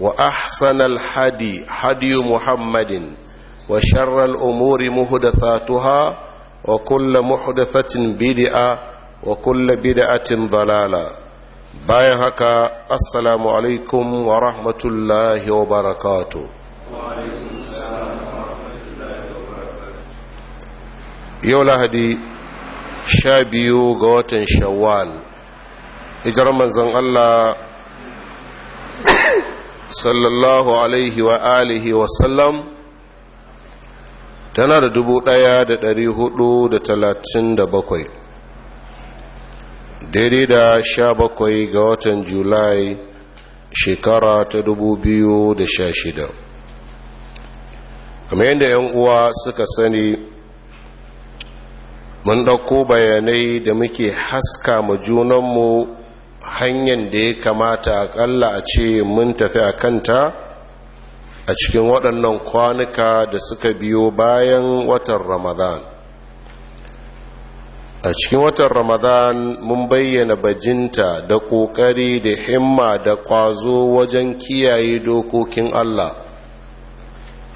وأحسن الحدي حدي محمد وشر الأمور محدثاتها وكل محدثة بدعة وكل بدعة ضلالة bayan haka assalamu alaikum wa rahmatullahi wa barakatu yau lahadi sha biyu ga watan shawwal ijar manzan allah sallallahu alaihi wa alihi wa sallam tana da dubu ɗaya da ɗari hudu da talatin da bakwai daidai da sha bakwai ga watan julai shekara ta dubu biyu da sha shida kamar yadda 'yan uwa suka sani mun ɗauko bayanai da muke haska ma junanmu hanyar da ya kamata akalla a ce mun tafi a kanta a cikin waɗannan kwanuka da suka biyo bayan watan ramadan a cikin watan ramadan mun bayyana bajinta da ƙoƙari da himma da ƙwazo wajen kiyaye dokokin allah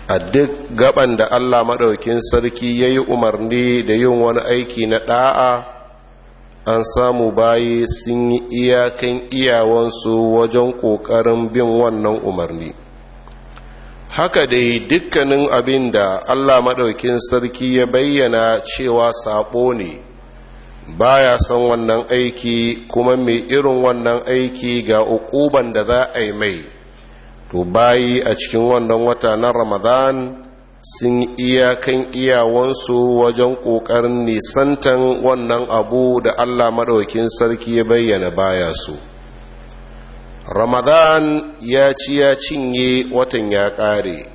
a duk gaban da allah maɗaukin sarki ya yi umarni da yin wani aiki na ɗa'a an samu bayi sun yi iyakan iyawansu wajen ƙoƙarin bin wannan umarni haka dai dukkanin abin da allah maɗaukin sarki ya bayyana cewa saɓo ne baya son wannan aiki kuma mai irin wannan aiki ga ukuban da za a yi mai to bayi a cikin wannan wata na ramadan sun yi iyakan iyawansu wajen ƙoƙarin nisantan wannan abu da allah maɗaukin sarki ya bayyana baya su ramadan ya ci ya cinye watan ya ƙare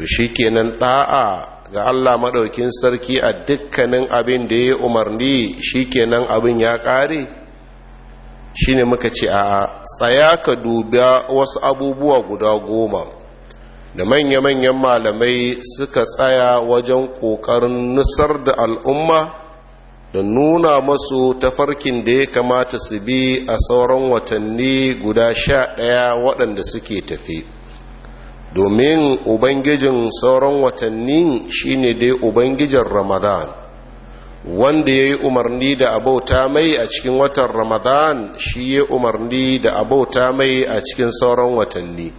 shi kenan ɗa'a ga allah maɗaukin sarki a dukkanin abin da ya umarni shi kenan abin ya ƙare shi muka ce a tsaya ka dubi wasu abubuwa guda goma da manya-manyan malamai suka tsaya wajen ƙoƙarin nusar da al'umma da nuna masu tafarkin da ya kamata su bi a sauran watanni guda sha ɗaya waɗanda suke tafi domin ubangijin sauran watanni shine dai ubangijin ramadan wanda ya yi umarni da abauta mai a cikin watan ramadan shi ya umarni da abauta mai a cikin sauran watanni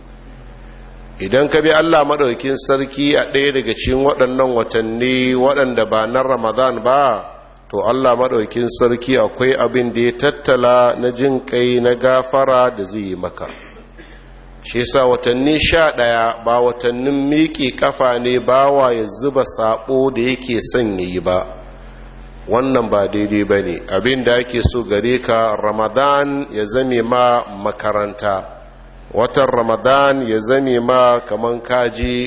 idan ka bi Allah maɗaukin sarki a ɗaya daga cikin waɗannan watanni waɗanda ba na ramadan ba to Allah maɗaukin sarki akwai abin da ya tattala na jin kai na gafara da zai yi maka shi sa watanni sha ɗaya ba watannin miƙe ƙafa ne ba wa ya zuba saɓo da yake son yi ba wannan ba daidai ba ne abin da ake so gare ka ramadan ya zame ma makaranta watan ramadan ya zame ma kaman kaji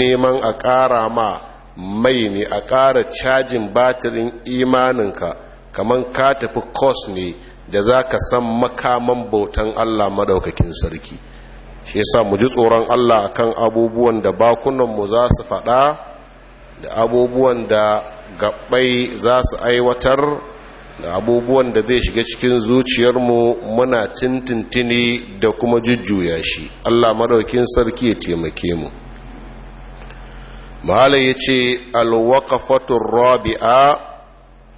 neman a ƙara ma mai ne a ƙara cajin batirin imaninka kaman ka tafi kos ne da za ka san makaman bautan allah madaukakin sarki shi yasa mu ji tsoron allah a kan abubuwan da bakunanmu za su faɗa da abubuwan da gaɓai za su aiwatar da abubuwan da zai shiga cikin zuciyarmu muna tintintini da kuma jujjuya shi allah maɗaukin sarki ya taimake mu mahala ya ce alwakafatun rabi'a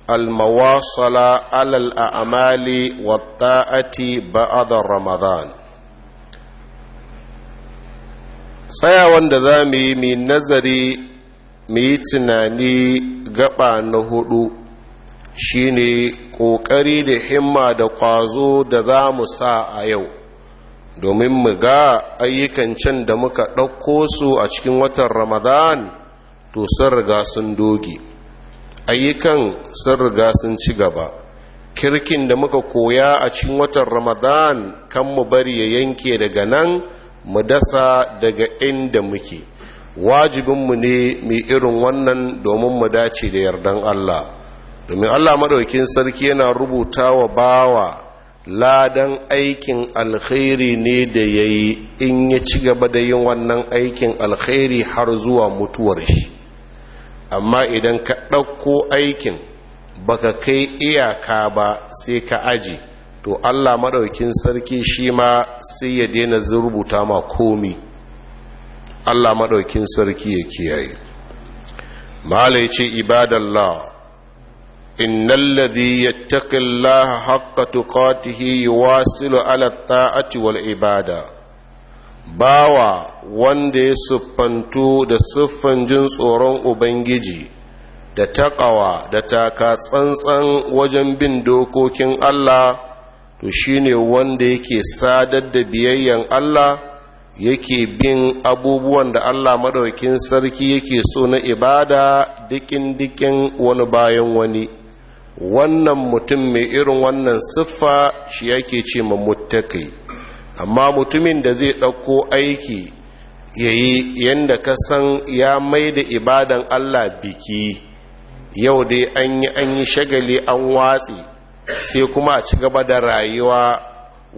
almawasala alal a'mali wa ta'ati ba'adar ramadan tsayawan da za mu yi mai nazari mu tunani gaba na hudu shine kokari da himma da ƙwazo da za mu sa a yau domin mu ga ayyukan can da muka ɗauko su a cikin watan ramadan to sun riga sun doge ayyukan sun riga sun ci gaba kirkin da muka koya a cikin watan ramadan kan mu bari ya yanke daga nan mu dasa daga inda muke wajibinmu ne mai irin wannan domin mu dace da yardan allah domin allah maɗaukin sarki yana rubuta wa bawa ladan aikin alkhairi ne da ya yi in ya ci gaba da yin wannan aikin alkhairi har zuwa mutuwar shi amma idan ka ɗauko aikin baka kai iyaka ba sai ka aji to allah maɗaukin sarki shi ma sai ya daina rubuta ma komi allah maɗaukin sarki ya kiyaye malai ce ibadallah إن الذي يتقي الله حق تقاته يواصل على الطاعة والعبادة باوا wanda ya siffantu da siffan jin tsoron ubangiji da taƙawa da taka tsantsan wajen bin dokokin Allah to shine wanda yake sadar da biyayyen Allah yake bin abubuwan da Allah maɗaukin sarki yake so na ibada dikin dikin wani bayan wani wannan mutum mai irin wannan siffa shi yake ce ma muttakai amma mutumin da zai ɗauko aiki ya yi yadda ka san ya mai da ibadan allah biki yau dai an yi an yi shagali an watsi sai kuma a ci gaba da rayuwa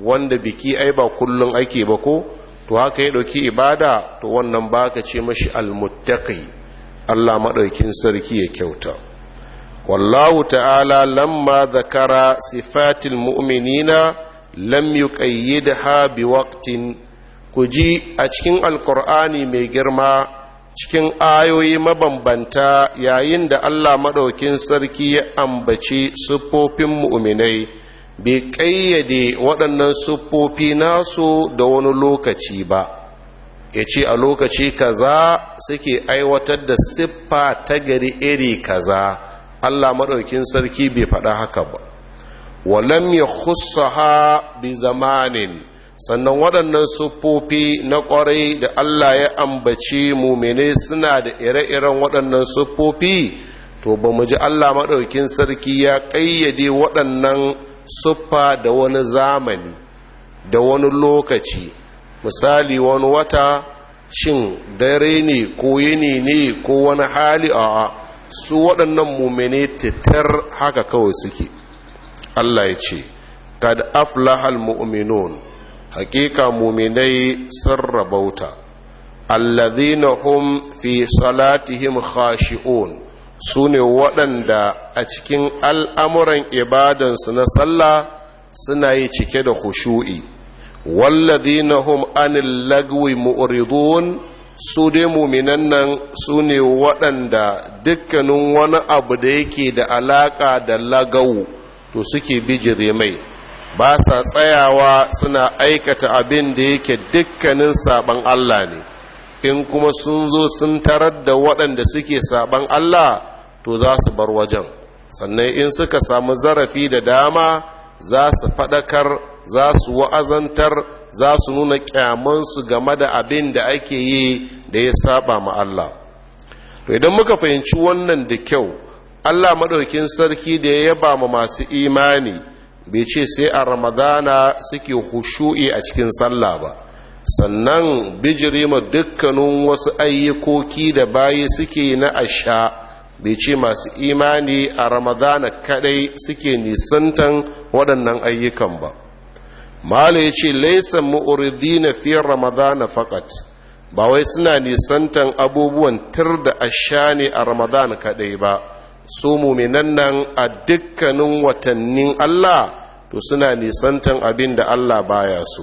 wanda biki ai ba kullum ake ba ko to haka ya ɗauki ibada to wannan ba ka ce mashi almuttaki Allah maɗaukin sarki ya kyauta wallahu ta'ala lamma zakara صفات mu'minina lam يقيدها بوقت ku ji a cikin alkur'ani mai girma cikin ayoyi mabambanta yayin da Allah maɗaukin sarki ya ambaci siffofin mu'minai bai ƙayyade waɗannan siffofi nasu da wani lokaci ba ya ce a lokaci kaza suke aiwatar da siffa ta gari iri kaza Allah maɗaukin sarki bai faɗa haka ba walam ya khussaha bi zamanin sannan waɗannan siffofi na ƙwarai da Allah ya ambaci mumene suna da ire-iren waɗannan sufofi, to ba mu ji Allah maɗaukin sarki ya ƙayyade waɗannan siffa da wani zamani da wani lokaci misali wani wata shin dare ne ko yini ne ko wani hali a'a su waɗannan mumene titar haka kawai suke Allah ya ce kad aflahal mu'minun hakika muminai sun rabauta allazina hum fi salatihim khashi'un su ne waɗanda a cikin al'amuran ibadansu na sallah suna yi cike da khushu'i wallazina hum anil lagwi mu'ridun su dai muminan nan su ne waɗanda dukkanin wani abu da yake da alaƙa da lagawu to suke bijire mai ba sa tsayawa suna aikata abin da yake dukkanin saɓan Allah ne in kuma sun zo sun tarar da waɗanda suke saɓan Allah to za su bar wajen sannan in suka samu zarafi da dama za su faɗakar za su wa'azantar za su nuna kyamansu game da abin da ake yi da ya saba ma Allah to idan muka fahimci wannan da kyau Allah maɗaukin sarki da ya yaba ma masu imani bai ce sai a ramadana suke hushu'i a cikin sallah ba sannan bijirima dukkanin wasu ayyukoki da bayi suke na asha bai ce masu imani a ramadana kadai suke nisantan waɗannan ayyukan ba malu ya ce laisa mu'uridi na fiye ramadana fakat ba wai suna nisantan abubuwan tir da asha ne a ramadana kaɗai ba su muminan nan a dukkanin watannin allah to suna nisantan abin da allah baya su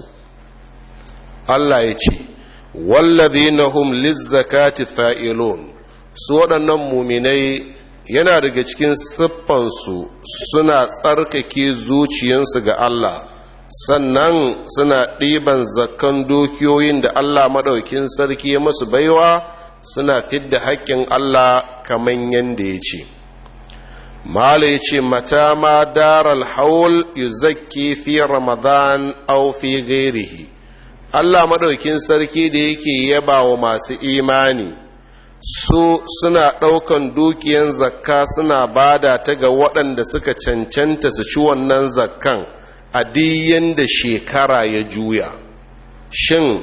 allah ya ce na hum lizzakati fa’ilon su waɗannan muminai yana daga cikin siffansu suna tsarkake zuciyarsu ga allah sannan suna ɗiban zakan dukiyoyin da Allah maɗaukin sarki ya masu baiwa suna fidda haƙƙin Allah kamar yadda ya ce mala ya ce mata ma daral haul yuzakki fi ramadan au fi gairihi Allah maɗaukin sarki da yake yaba wa masu imani su suna ɗaukan dukiyan zakka suna bada ta ga waɗanda suka cancanta su ci wannan zakkan a diyan da shekara ya juya shin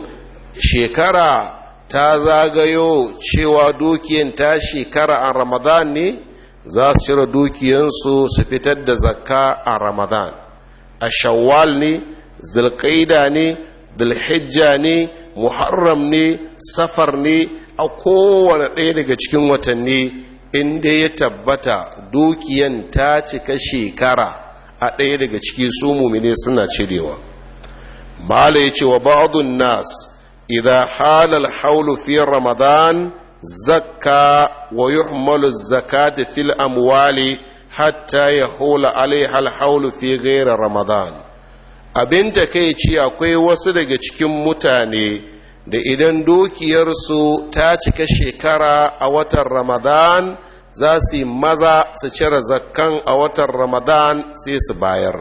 shekara ta zagayo cewa dukiyan ta shekara a ramadan ne za su cire dukiyansu su fitar da zakka a ramadan a shawwal ne zulkaida ne bilhijja ne muharram ne safar ne a kowane ɗaya daga cikin watanni inda ya tabbata dukiyan ta cika shekara a ɗaya daga ciki su mumine suna cirewa mala ya ce wa ba'adun nas idan halal haulu fi ramadan zakka wa yuhmalu da fil amwali hatta ya hula alaihal haulu fi gairar ramadan abin takaici akwai wasu daga cikin mutane da idan dukiyarsu ta cika shekara a watan ramadan za su yi maza su cire zakkan a watan ramadan sai su bayar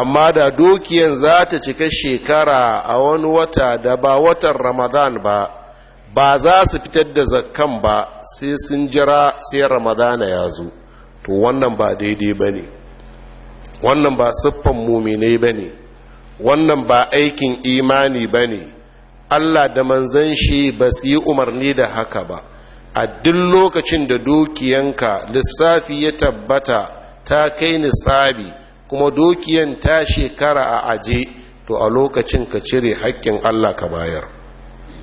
amma da dukiyan za ta cika shekara a wani wata da ba watan ramadan ba ba za su fitar da zakkan ba sai sun jira sai ramadana ya zo to wannan ba daidai ba ne wannan ba siffan muminai ba ne wannan ba aikin imani ba ne allah da manzan shi ba su yi umarni da haka ba a duk lokacin da dukiyanka lissafi ya tabbata ta kai nisabi kuma dukiyan ta shekara a aje to a lokacin ka cire haƙƙin Allah ka bayar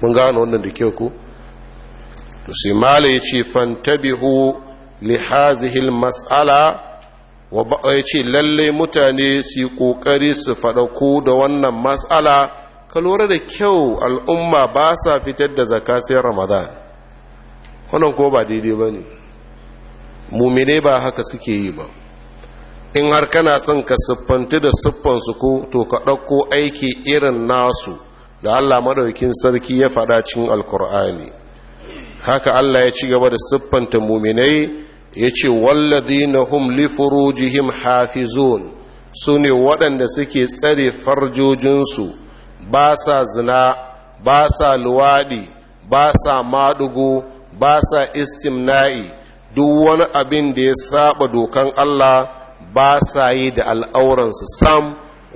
mun gano wannan da ke ku to sai mala ya ce fantabihu li hazihil mas'ala wa ya ce lalle mutane su yi ƙoƙari su faɗaku da wannan mas'ala ka lura da kyau al'umma ba sa fitar da zaka ramadan wannan ko ba daidai ba ne mummine ba haka suke yi ba in har kana son ka siffanti da siffansu ko to ka ɗauko aiki irin nasu da allah maɗaukin sarki ya faɗa cikin alkur'ani haka allah ya ci gaba da siffanta muminai ya ce walladina hum li furujihim hafizun su ne waɗanda suke tsare farjojinsu ba sa zina ba sa luwaɗi ba sa maɗugo ba sa istimna'i duk wani abin da ya saba dokan Allah ba sa yi da al'auransu sam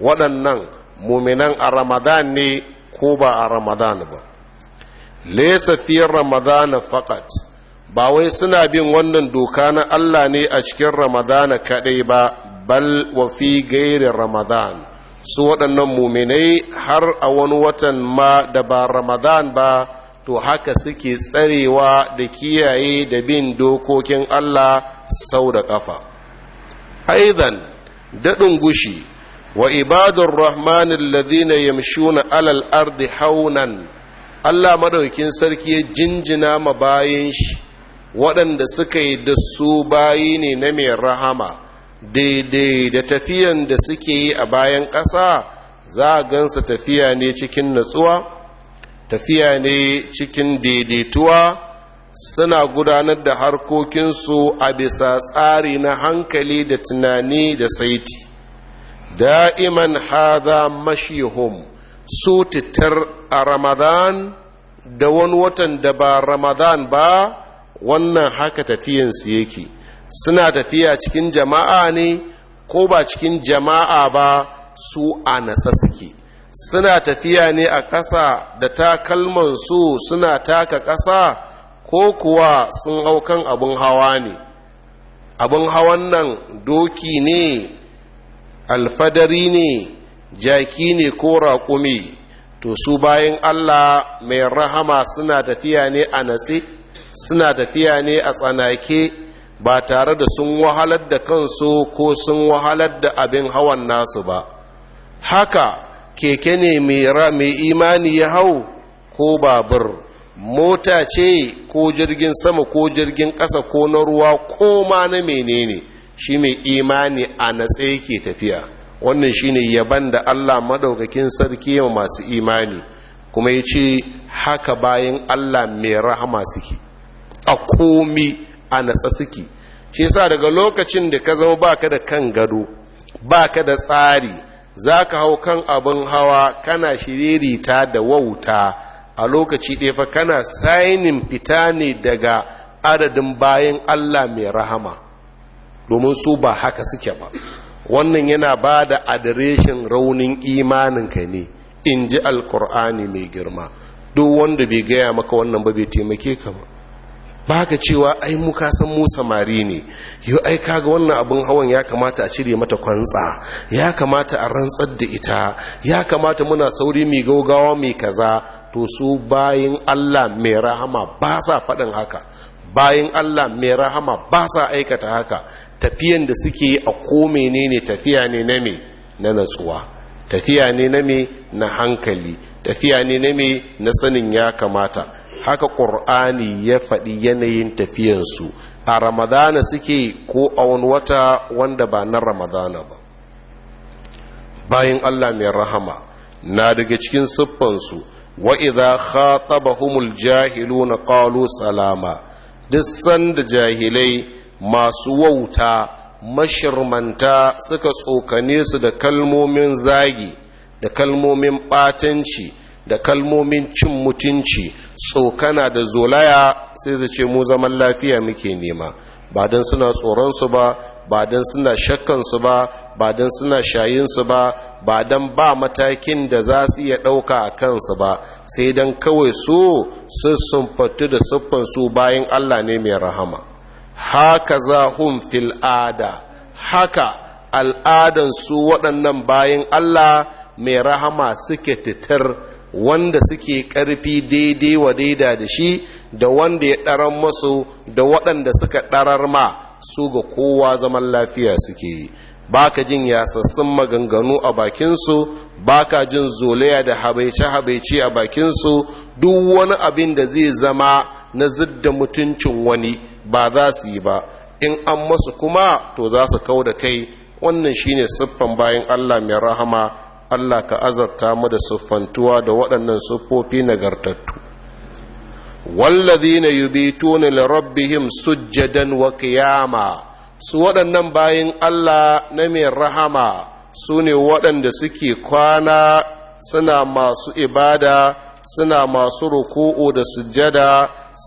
waɗannan muminan a ramadan ne ko ba a ramadan ba lesa fi ramadan fakat ba wai suna bin wannan doka na Allah ne a cikin ramadan kaɗai ba bal wa fi gairin ramadan su waɗannan muminai har a wani watan ma da ba ramadan ba to haka suke tsarewa da kiyaye da bin dokokin Allah sau da ƙafa Aizan daɗin gushi wa ibadun rahmanin ladina na alal ardi haunan Allah madaukin sarki ya jinjina ma bayan shi waɗanda suka yi da su bayi ne na mai rahama daidai da tafiyan da suke yi a bayan ƙasa za a gansa tafiya ne cikin natsuwa tafiya ne cikin daidaituwa suna gudanar da harkokinsu a bisa tsari na hankali da tunani da saiti da'iman mashi mashihum su titar a ramadan da wani watan da ba ramadan ba wannan haka tafiyansu yake suna tafiya cikin jama'a ne ko ba cikin jama'a ba su a nasa suke suna tafiya ne a ƙasa da su suna taka ƙasa ko kuwa sun hau kan abin hawa ne abin hawan nan doki ne alfadari ne jaki ne ko raƙumi to su bayan allah mai rahama suna tafiya ne a natse suna tafiya ne a tsanake ba tare da sun wahalar da kansu ko sun wahalar da abin hawan nasu ba haka keke ne mai imani ya hau ko babur mota ce ko jirgin sama ko jirgin ƙasa ko na ruwa ko ma na menene shi mai imani a natse ke tafiya wannan shine yaban da Allah madaukakin sarki ma masu imani kuma ya ce haka bayan Allah mai rahama suke a komi a natsa suke shi sa daga lokacin da ka zama baka da kan gado baka da tsari za ka hau kan abin hawa kana shiririta da wauta a lokaci ɗaya fa kana sainin fita ne daga adadin bayan Allah mai rahama domin su ba haka suke ba wannan yana ba da adireshin raunin imaninka ne in ji alkur'ani mai girma duk wanda bai gaya maka wannan ba bai taimake ka ba ba ka cewa ai mu ka san mu samari ne yau ai kaga wannan abin hawan ya kamata a cire mata kwantsa ya kamata a rantsar da ita ya kamata muna sauri mai gaugawa mai kaza to su bayin Allah mai rahama ba sa faɗin haka bayin Allah mai rahama ba sa aikata haka tafiyan da suke a ko menene tafiya ne na me na natsuwa tafiya ne na me na hankali tafiya ne na me na sanin ya kamata haka ƙur'ani ya faɗi yanayin tafiyansu a ramadana suke ko a wani wata wanda ba na ramadana ba bayan allah mai rahama na daga cikin siffansu wa idha khatabahumul jahiluna qalu salama duk sanda jahilai masu wauta mashirmanta suka tsokane su da kalmomin zagi da kalmomin batanci da kalmomin cin mutunci tsokana da zolaya sai su ce mu zaman lafiya muke nema ba don suna tsoronsu ba ba don suna shakkansu ba ba don suna shayinsu ba ba don ba matakin da za su iya ɗauka a kansu ba sai don kawai su sun sumfatu da siffansu bayan allah ne mai rahama haka za hun fil'ada haka al'adansu waɗannan bayan allah mai rahama suke titar wanda suke ƙarfi daidai wa daida da shi da wanda ya ɗarar masu da waɗanda suka ɗarar ma su ga kowa zaman lafiya suke yi ba ka jin yasassun maganganu a bakinsu ba ka jin zolaya da habaice-habaice a bakinsu duk wani abin da zai zama na zidda mutuncin wani ba za su yi ba in an masu kuma to za su kau da kai wannan shine siffan bayan allah mai rahama Allah ka azarta mu da siffantuwa da waɗannan siffofi nagartattu wallazina yubituna li rabbihim sujjadan wa qiyama su waɗannan bayin Allah na mai rahama su ne waɗanda suke kwana suna masu ibada suna masu ruku'u da sujjada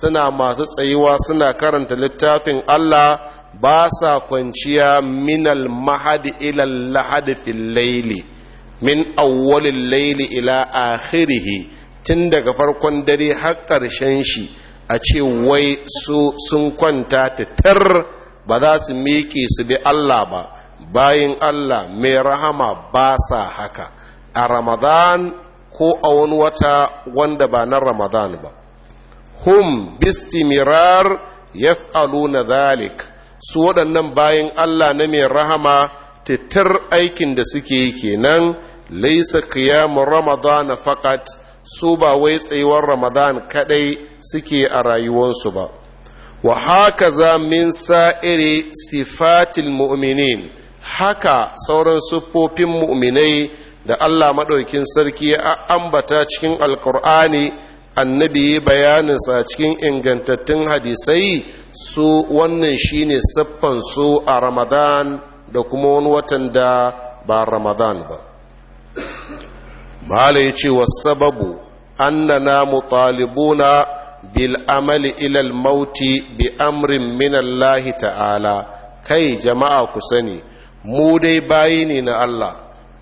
suna masu tsayuwa suna karanta littafin Allah ba sa kwanciya minal mahadi ilal lahadi fil laili min awwalil laili ila akhirih tun daga farkon dare har ƙarshen shi a ce wai su sun kwanta titar ba za su miƙe su bi Allah ba bayin Allah mai rahama ba sa haka a ramadan ko a wani wata wanda ba na ramadan ba hum bistimirar na zalik su waɗannan bayin Allah na mai rahama titar aikin da suke yi kenan laisa kiyamun ramadan faqat su ba wai tsayuwar ramadan kadai suke a rayuwarsu ba wa haka za min sa'iri sifatil mu'minin haka sauran siffofin mu'minai da Allah maɗaukin sarki ya ambata cikin alkur'ani annabi bayaninsa cikin ingantattun hadisai su wannan shine siffan su a ramadan da kuma wani watan da ba ramadan ba mala ya ce wasababu annana mutalibuna bil amali ilal mauti bi amrin minallahi ta'ala kai jama'a ku sani mu dai bayi ne na Allah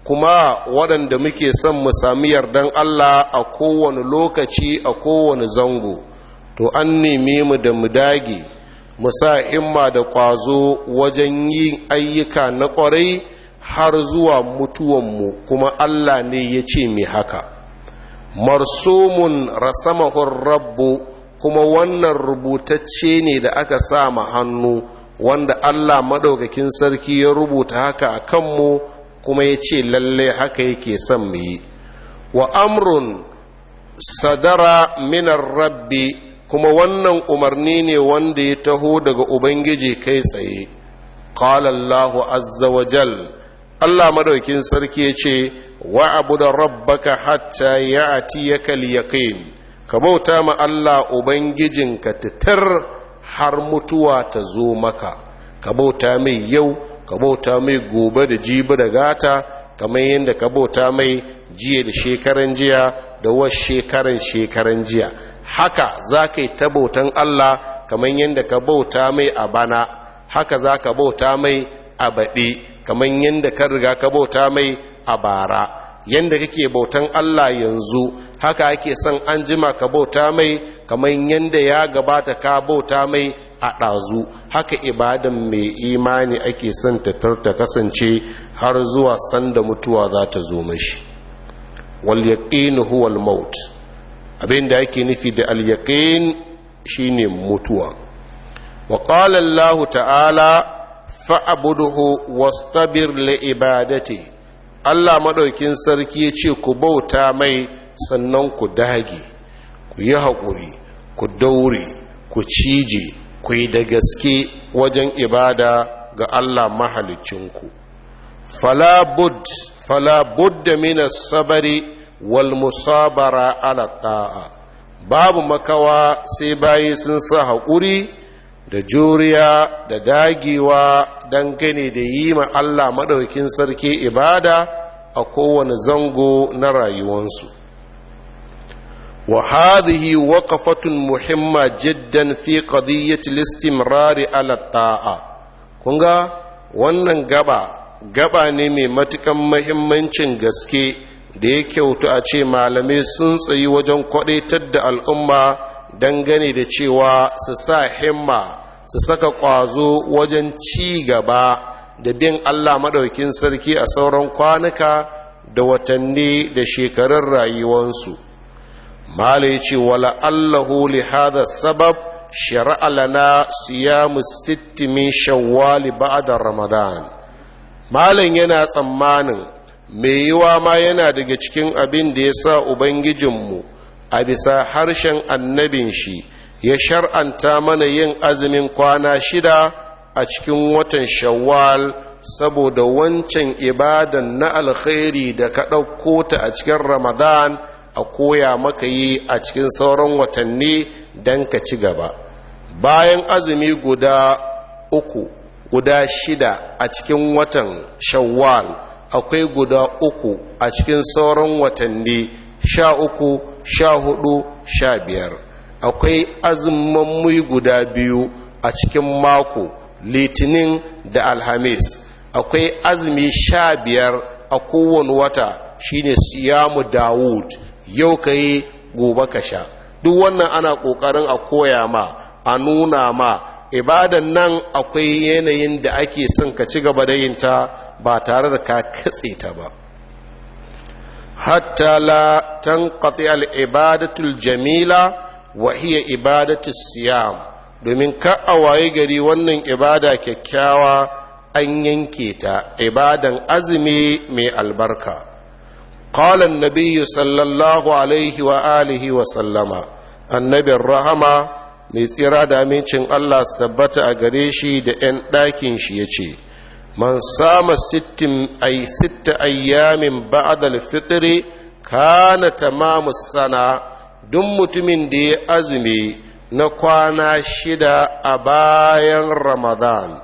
kuma waɗanda muke son mu sami yardan Allah a kowane lokaci a kowane zango to an nemi mu da mu dage mu sa imma da ƙwazo wajen yin ayyuka na ƙwarai har zuwa mutuwanmu kuma Allah ne ya ce mai haka marsumun rasamahun rabbu kuma wannan rubutacce ne da aka sa ma hannu wanda Allah maɗaukakin sarki ya rubuta haka a kanmu kuma ya ce lalle haka yake son mu yi wa amrun sadara minar rabbi kuma wannan umarni ne wanda ya taho daga ubangiji kai tsaye qala Allahu azza wa jalla Allah madaukin sarki ya ce wa abuda rabbaka hatta ya'tiyaka al-yaqin ka bauta ma Allah ka titar har mutuwa ta zo maka ka bauta mai yau ka bauta mai gobe da jibi da gata kamar yadda ka bauta mai jiya da shekaran jiya da wasu shekaran shekaran jiya haka za ka yi ta bautan Allah kamar yadda ka bauta mai a bana haka za ka bauta mai a baɗi kamar yadda ka riga ka bauta mai a bara yadda kake bautan Allah yanzu haka ake son an jima ka bauta mai kamar yadda ya gabata ka bauta mai a ɗazu haka ibadan mai imani ake son ta kasance har zuwa sanda mutuwa za ta zo mashi wal yaqin huwa maut abinda ake nufi da al shine mutuwa wa ƙalallahu ta'ala fa'abuduhu wastabir li ibadati Allah maɗaukin sarki ya ce ku bauta mai sannan ku dage ku yi haƙuri ku daure ku cije ku yi da gaske wajen ibada ga Allah mahalicinku falabud falabud da mina sabari wal musabara ala ta'a babu makawa sai bayi sun sa haƙuri da juriya da dagewa dangane da yi ma Allah maɗaukin sarki ibada a kowane zango na rayuwansu wa hadhihi muhimma jiddan fi qadiyyati al-istimrar ala ta'a wannan gaba gaba ne mai matukan muhimmancin gaske da ya kyautu a ce malamai sun tsayi wajen kwadaitar da al'umma dangane da cewa su sa himma su saka ƙwazo wajen ci gaba da bin Allah maɗaukin sarki a sauran kwanuka da watanni da shekarun rayuwansu ya ce wala allahu li hada sabab shari'a lana siyamu sittimin shawwali ba'da ramadan malam yana tsammanin mai yiwa ma yana daga cikin abin da ya sa ubangijinmu a bisa harshen annabin shi ya shar'anta mana yin azumin kwana shida a cikin watan shawwal saboda wancan ibadan na alkhairi da ka ɗauko ta a cikin ramadan a koya maka yi a cikin sauran watanni don ka ci gaba bayan azumi guda uku guda shida a cikin watan shawwal akwai guda uku a cikin sauran watanni sha uku sha hudu sha biyar akwai azumin guda biyu a cikin mako litinin da alhamis akwai azumi sha biyar a kowane wata shine siyamu dawud yau ka yi gobe ka sha duk wannan ana ƙoƙarin a koya ma a nuna ma ibadan nan akwai yanayin da ake son ka ci gaba da yin ta ba tare da ka katse ta ba hatta la tanqati al al jamila wa hiya ibadatu siyam domin ka a waye gari wannan ibada kyakkyawa an yanke ta ibadan azumi mai albarka qala an-nabiy sallallahu alaihi wa alihi wa sallama annabin rahama mai tsira da amincin Allah sabbata a gare shi da 'yan ɗakin shi ya ce man sama sitta ayyamin ba'adal fitri kana tamamu sana duk mutumin da ya azumi na kwana shida a bayan ramadan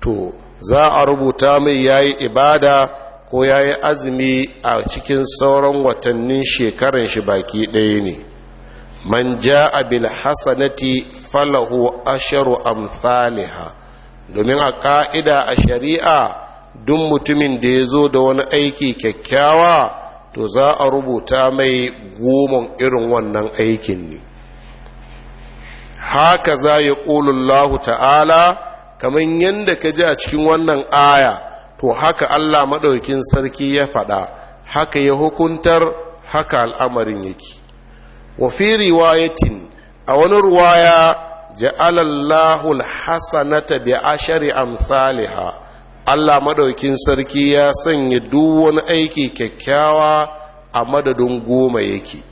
to za a rubuta mai ya yi ibada ko ya yi azumi a cikin sauran watannin shekaran shi baki ɗaya ne man a bil hasanati falahu asharu amthaliha domin a ka'ida a shari'a duk mutumin da ya zo da wani aiki kyakkyawa to za a rubuta mai goma irin wannan aikin ne haka za ya ƙulullahu ta'ala kamar yadda ka ji a cikin wannan aya to haka Allah maɗaukin sarki ya faɗa haka ya hukuntar haka al'amarin yake wa fi riwayatin a wani ruwaya ja'alallahu hassanata bi ashari saliha Allah madaukin sarki ya sanya duk wani aiki kyakkyawa a madadin goma yake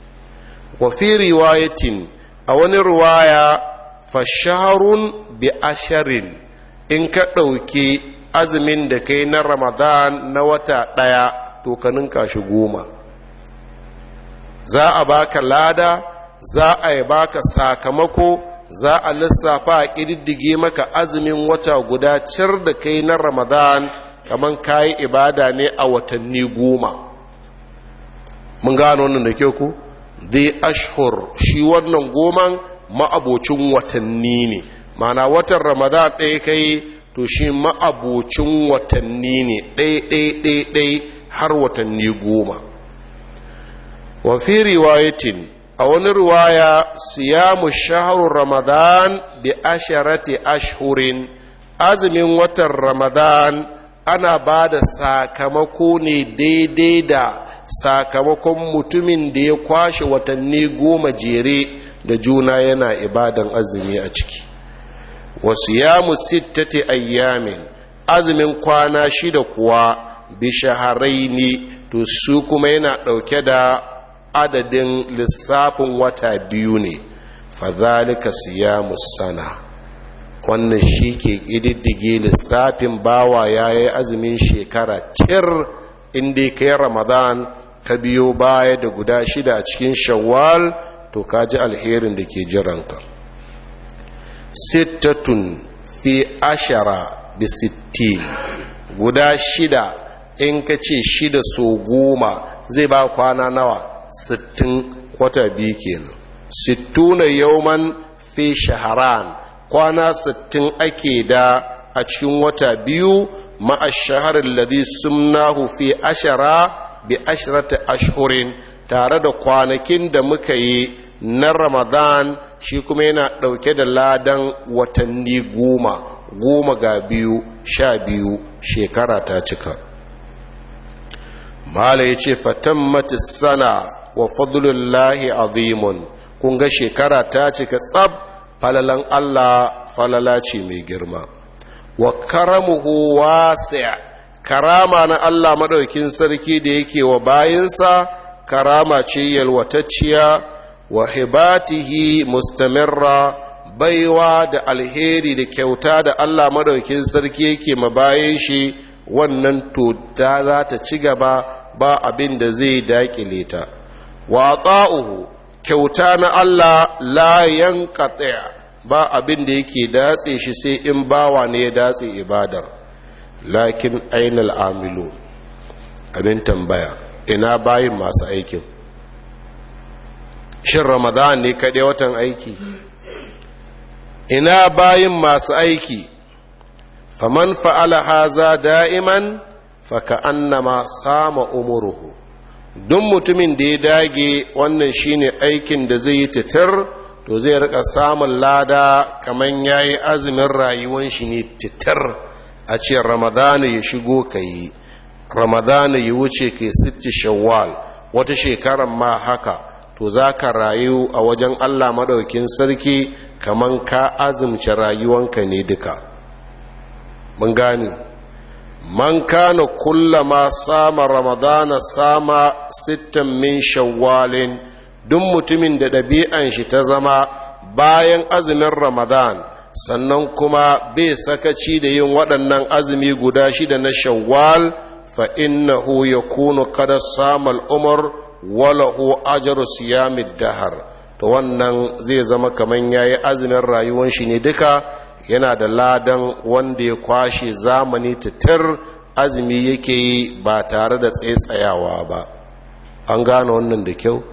wa fi riwayatin a wani riwaya fasharun bi asharin in ka ɗauki azumin da kai na ramadan na wata ɗaya to ka ninka shi goma za a baka lada za a yi baka sakamako za a lissafa a ƙididdige maka azumin wata guda cir da kai na ramadan kamar kayi ibada ne a watanni goma mun gano wannan da ke ku the ashur shi wannan goman ma'abocin watanni ne mana watan ramadan ɗaya kai to shi ma'abocin watanni ne ɗai-ɗai-ɗai har watanni goma wa fi riwayatin a wani ruwaya siyamu shahrun ramadan bi asharati ashurin azumin watan ramadan ana ba da sakamako ne daidai da sakamakon mutumin da ya kwashe watanni goma jere da juna yana ibadan azumi a ciki wasu mu sittati ayyamin azumin kwana shida kuwa bi shaharai ne to su kuma yana ɗauke da adadin lissafin wata biyu ne fazalika siyamu sana wannan shi ke ƙididdige lissafin bawa ya yi azumin shekara cir inda kai ramadan ka biyo baya da guda shida a cikin shawwal to ka ji alherin da ke jiranka sittatun fi ashara bi sittin guda shida in ka ce shida so goma zai ba kwana nawa sittin kwata biyu kenan sittuna yauman fi shaharan kwana sittin ake da a cikin wata biyu ma'a shaharar sun sumnahu fi ashara bi ashrata tare da kwanakin da muka yi na ramadan shi kuma yana ɗauke da ladan watanni goma goma ga biyu sha biyu shekara ta cika mala ya ce fatan sana wa fadlullahi azimun kun ga shekara ta cika tsab falalan Allah falala ce mai girma wa karamuhu wasi' karama na Allah madaukin sarki da yake wa bayinsa karama ce yalwatacciya wa hibatihi mustamirra baiwa da alheri da kyauta da Allah madaukin sarki yake mabayin shi wannan to ta za ta ci gaba ba abin da zai dakile ta wa ta'uhu kyauta na Allah la yanqati ba abin da yake datse shi sai in bawa ne ya datse ibadar lakin ainal amilu abin tambaya ina bayin masu aikin shin ramadan ne kaɗai watan aiki ina bayin masu aiki faman fa'ala za da'iman faka annama sama umuruhu duk mutumin da ya dage wannan shine aikin da zai yi titir to zai rika samun lada kamar ya yi azumin rayuwan shi ne titir a ce ramadana ya shigo ka yi ramadana ya wuce ke sitti shawwal wata shekarar ma haka to za ka rayu a wajen allah maɗaukin sarki kamar ka azumce rayuwanka ne duka mun gane man kana kullama sama ramadana sama sittin min shawwalin duk mutumin da ɗabi'an shi ta zama bayan azumin ramadan sannan kuma bai sakaci da yin waɗannan azumi guda shida na shawwal fa innahu kunu kada samun umar walahu ajru siyamid dahar to wannan zai zama kaman yayi azumin rayuwar shi ne duka yana da ladan wanda ya kwashe zamani tattar azumi yake yi ba tare da tsayawa ba an gane wannan da kyau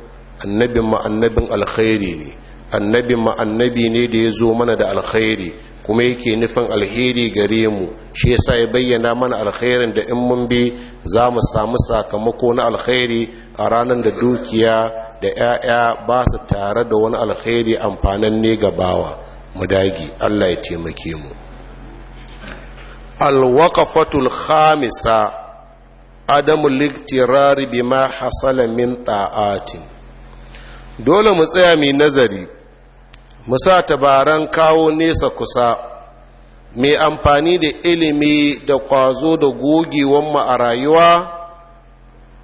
annabin ma alkhairi ne annabin ma ne da ya zo mana da alkhairi kuma yake nufin alheri gare mu shi yasa ya bayyana mana alkhairin da in mun bi za mu samu sakamako na alkhairi a ranar da dukiya da 'ya'ya ba su tare da wani alkhairi amfanin ne gabawa. mu dage Allah ya taimake mu alwaqafatul khamisa adamu liktirari ma hasala min ta'atin dole mu tsaya mai nazari mu sa tabaran kawo nesa kusa mai amfani da ilimi da kwazo da gogewan mu a rayuwa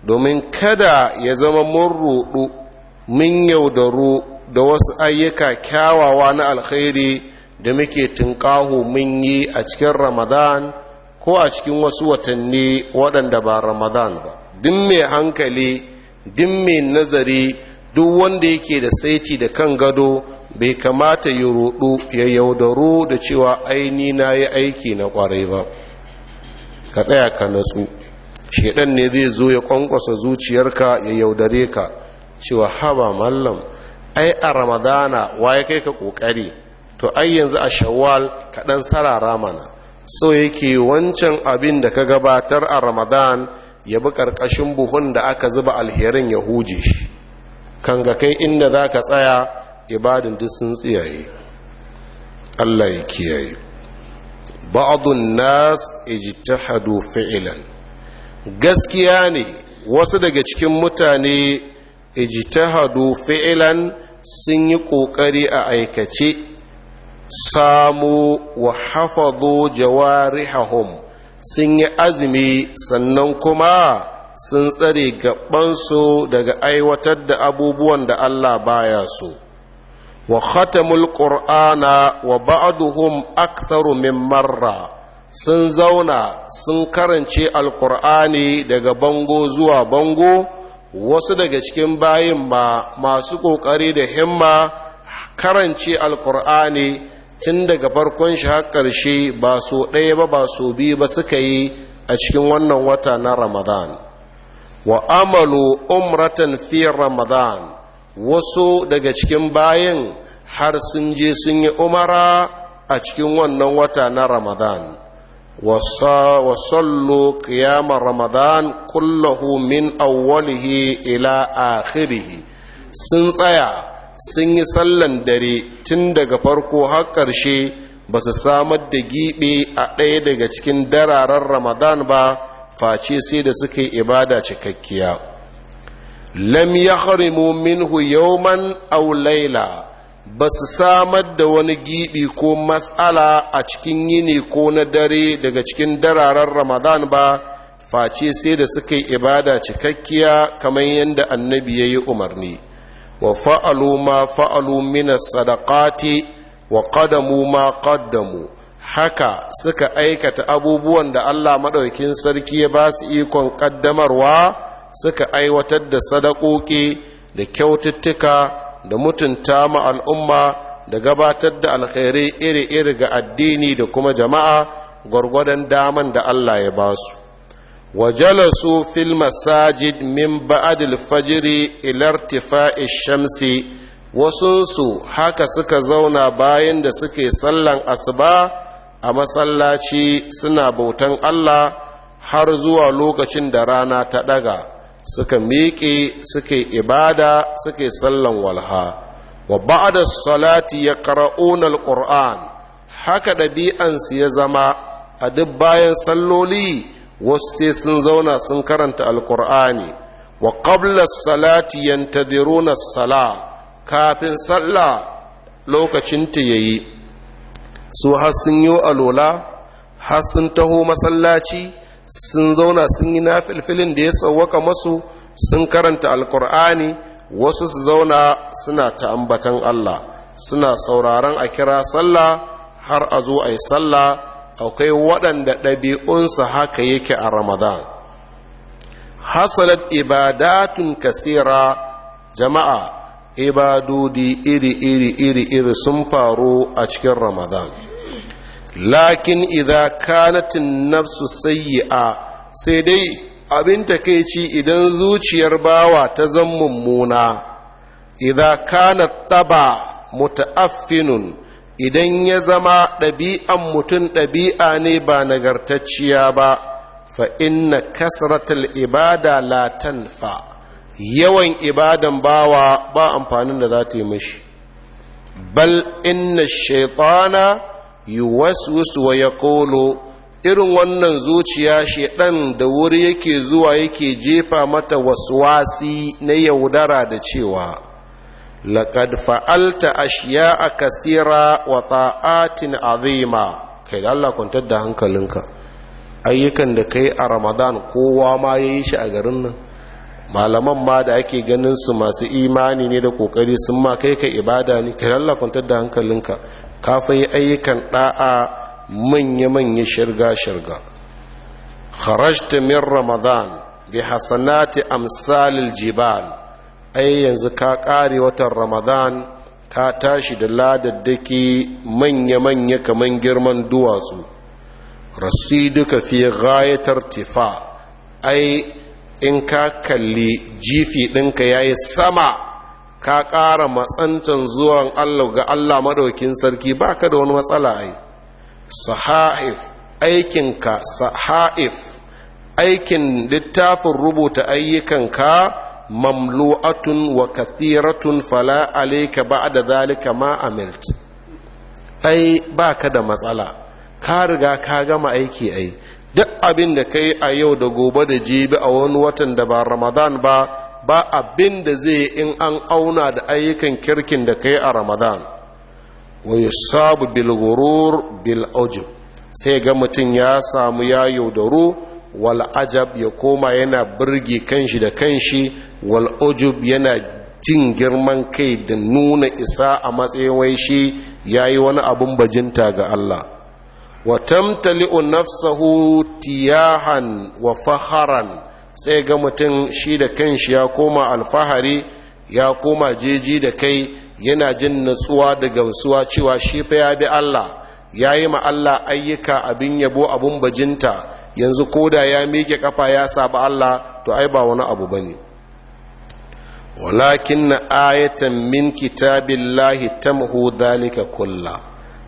domin kada ya zama mun ruɗu mun yaudaru da wasu ayyuka kyawawa na alkhairi da muke tunƙaho mun yi a cikin ramadan ko a cikin wasu watanni waɗanda ba ramadan ba duk mai hankali duk mai nazari duk wanda yake da saiti da kan gado bai kamata yi rudu ya yaudaru da cewa aini na yi aiki na ƙwarai ba ka tsaya ka natsu shaidan ne zai zo ya kwankwasa zuciyarka ya yaudare ka cewa haba mallam ai a ramadana wa ya kai ka kokari to ai yanzu a shawwal ka dan sarara mana so yake wancan abin da ka gabatar a ramadan ya bi karkashin buhun da aka zuba alherin ya huje shi kan kai inda za ka tsaya ibadin duk sun tsiyaye allah ya kiyaye ba'adun nas ijtahadu fi'lan gaskiya ne wasu daga cikin mutane ijtahadu fi'lan sun yi ƙoƙari a aikace samu wa hafadu jawarihahum sun yi azumi sannan kuma sun tsare gabansu daga aiwatar da abubuwan da Allah baya su. wa khatamul qur'ana wa ba'duhum aktharu min marra sun zauna sun karance alqur'ani daga bango zuwa bango wasu daga cikin bayin ba masu ƙoƙari da himma karance Alƙur'ani tun daga farkon shi har ƙarshe ba so ɗaya ba ba so biyu ba suka yi a cikin wannan wata na ramadan wa amalu umratan fi ramadan wasu daga cikin bayin har sun je sun yi umara a cikin wannan wata na ramadan وصلوا قيام رمضان كله من أوله إلى آخره sun tsaya sun yi sallan dare tun daga farko har ƙarshe ba su samar da giɓe a ɗaya daga cikin dararen ramadan ba face sai da suka yi ibada cikakkiya lam ya harimu minhu yawman aw laila ba su samar da wani gibi ko matsala a cikin yini ko na dare daga cikin dararen ramadan ba face sai da suka yi ibada cikakkiya kamar yadda annabi ya yi umarni wa fa'alu ma fa'alu mina sadakati wa ƙadamu ma ƙaddamu haka suka aikata abubuwan da allah maɗaukin sarki ya ba su ikon ƙaddamarwa suka aiwatar da sadakoki da kyaututtuka da mutunta ma al'umma da gabatar da alkhairai iri-iri ga addini da kuma jama'a gwargwadon daman da Allah ya ba su su fil masajid min ba'adil fajiri ilartifa'i shamsi wasu su haka suka zauna bayan da suke sallan asuba a masallaci suna bautan Allah har zuwa lokacin da rana ta ɗaga suka miƙe suka ibada suka sallan walha wa ba'da salati ya qara'una alquran haka ɗabi'ansu ya zama a duk bayan salloli wasu sai sun zauna sun karanta alqur'ani wa ƙabla salati yantadiruna sala kafin sallah lokacin ta yayi su har sun yi alola har sun taho masallaci sun zauna sun yi nafilfilin da ya sauwaka masu sun karanta alkur'ani wasu su zauna suna ta'ambatan Allah suna sauraron a kira sallah har a zo a yi sallah akwai waɗanda ɗabi'unsa haka yake a ramadan hasalat ibadatun kasira jama'a ibadodi iri iri iri iri sun faru a cikin ramadan lakin idza kanatin nafsu sayyi'a sai dai abin takeici idan zuciyar bawa ta zan mummuna idza kanat taba muta'affinun idan ya zama ɗabi'an mutum ɗabi'a ne ba nagartacciya ba fa inna kasratul ibada la tanfa yawan ibadan bawa ba amfanin da za ta yi mishi bal inna shaitana yuwaswisu wa ya kolo irin wannan zuciya shedan da wuri yake zuwa yake jefa mata wasu wasi na yaudara da cewa Laƙad fa'alta a kasira wa ta'atin azima kai da Allah kwantar da hankalinka ayyukan da kai a Ramadan kowa ma ya yi shi a garin nan malaman ma da ake ganin su masu imani ne da kokari sun ma kai ka ibada ne kai Allah kwantar da hankalinka ka ayyukan da'a manya-manya shirga-shirga kharajta min ramadan bi hasanati amsalil jibal ai yanzu ka ƙare watan ramadan ka tashi da ladaddaki manya-manya kaman girman duwatsu rasiduka fi ghayatar tifa ai in ka kalli jifi ɗinka ya yi sama ka ƙara matsantan zuwan Allah ga Allah maɗaukin sarki ba ka da wani matsala ai sahaif aikinka sahaif aikin littafin rubuta ayyukanka mamlu'atun wa kathiratun fala alayka ba'da zalika ma amilt ai baka da matsala ka riga ka gama aiki ai duk abin da kai a yau da gobe da jibi a wani watan da ba Ramadan ba ba abin da zai in an auna da ayyukan kirkin da kai a ramadan wa yi sabu bilgurur bil sai ga mutum ya samu ya yaudaro wal'ajab ya koma yana birge kanshi da kanshi wal yana jin girman kai da nuna isa a matsayin wai shi ya yi wani abin bajinta ga Allah wa tamtali'u nafsahu tiyahan wa faharan sai ga mutum shi da kanshi ya koma alfahari ya koma jeji da kai yana jin natsuwa da gamsuwa cewa shi fa ya bi Allah ya yi ma Allah ayyuka abin yabo abin bajinta yanzu koda ya miƙe kafa ya saba Allah to ai ba wani abu bane walakin ayatan min kitabillahi tamhu dhalika kulla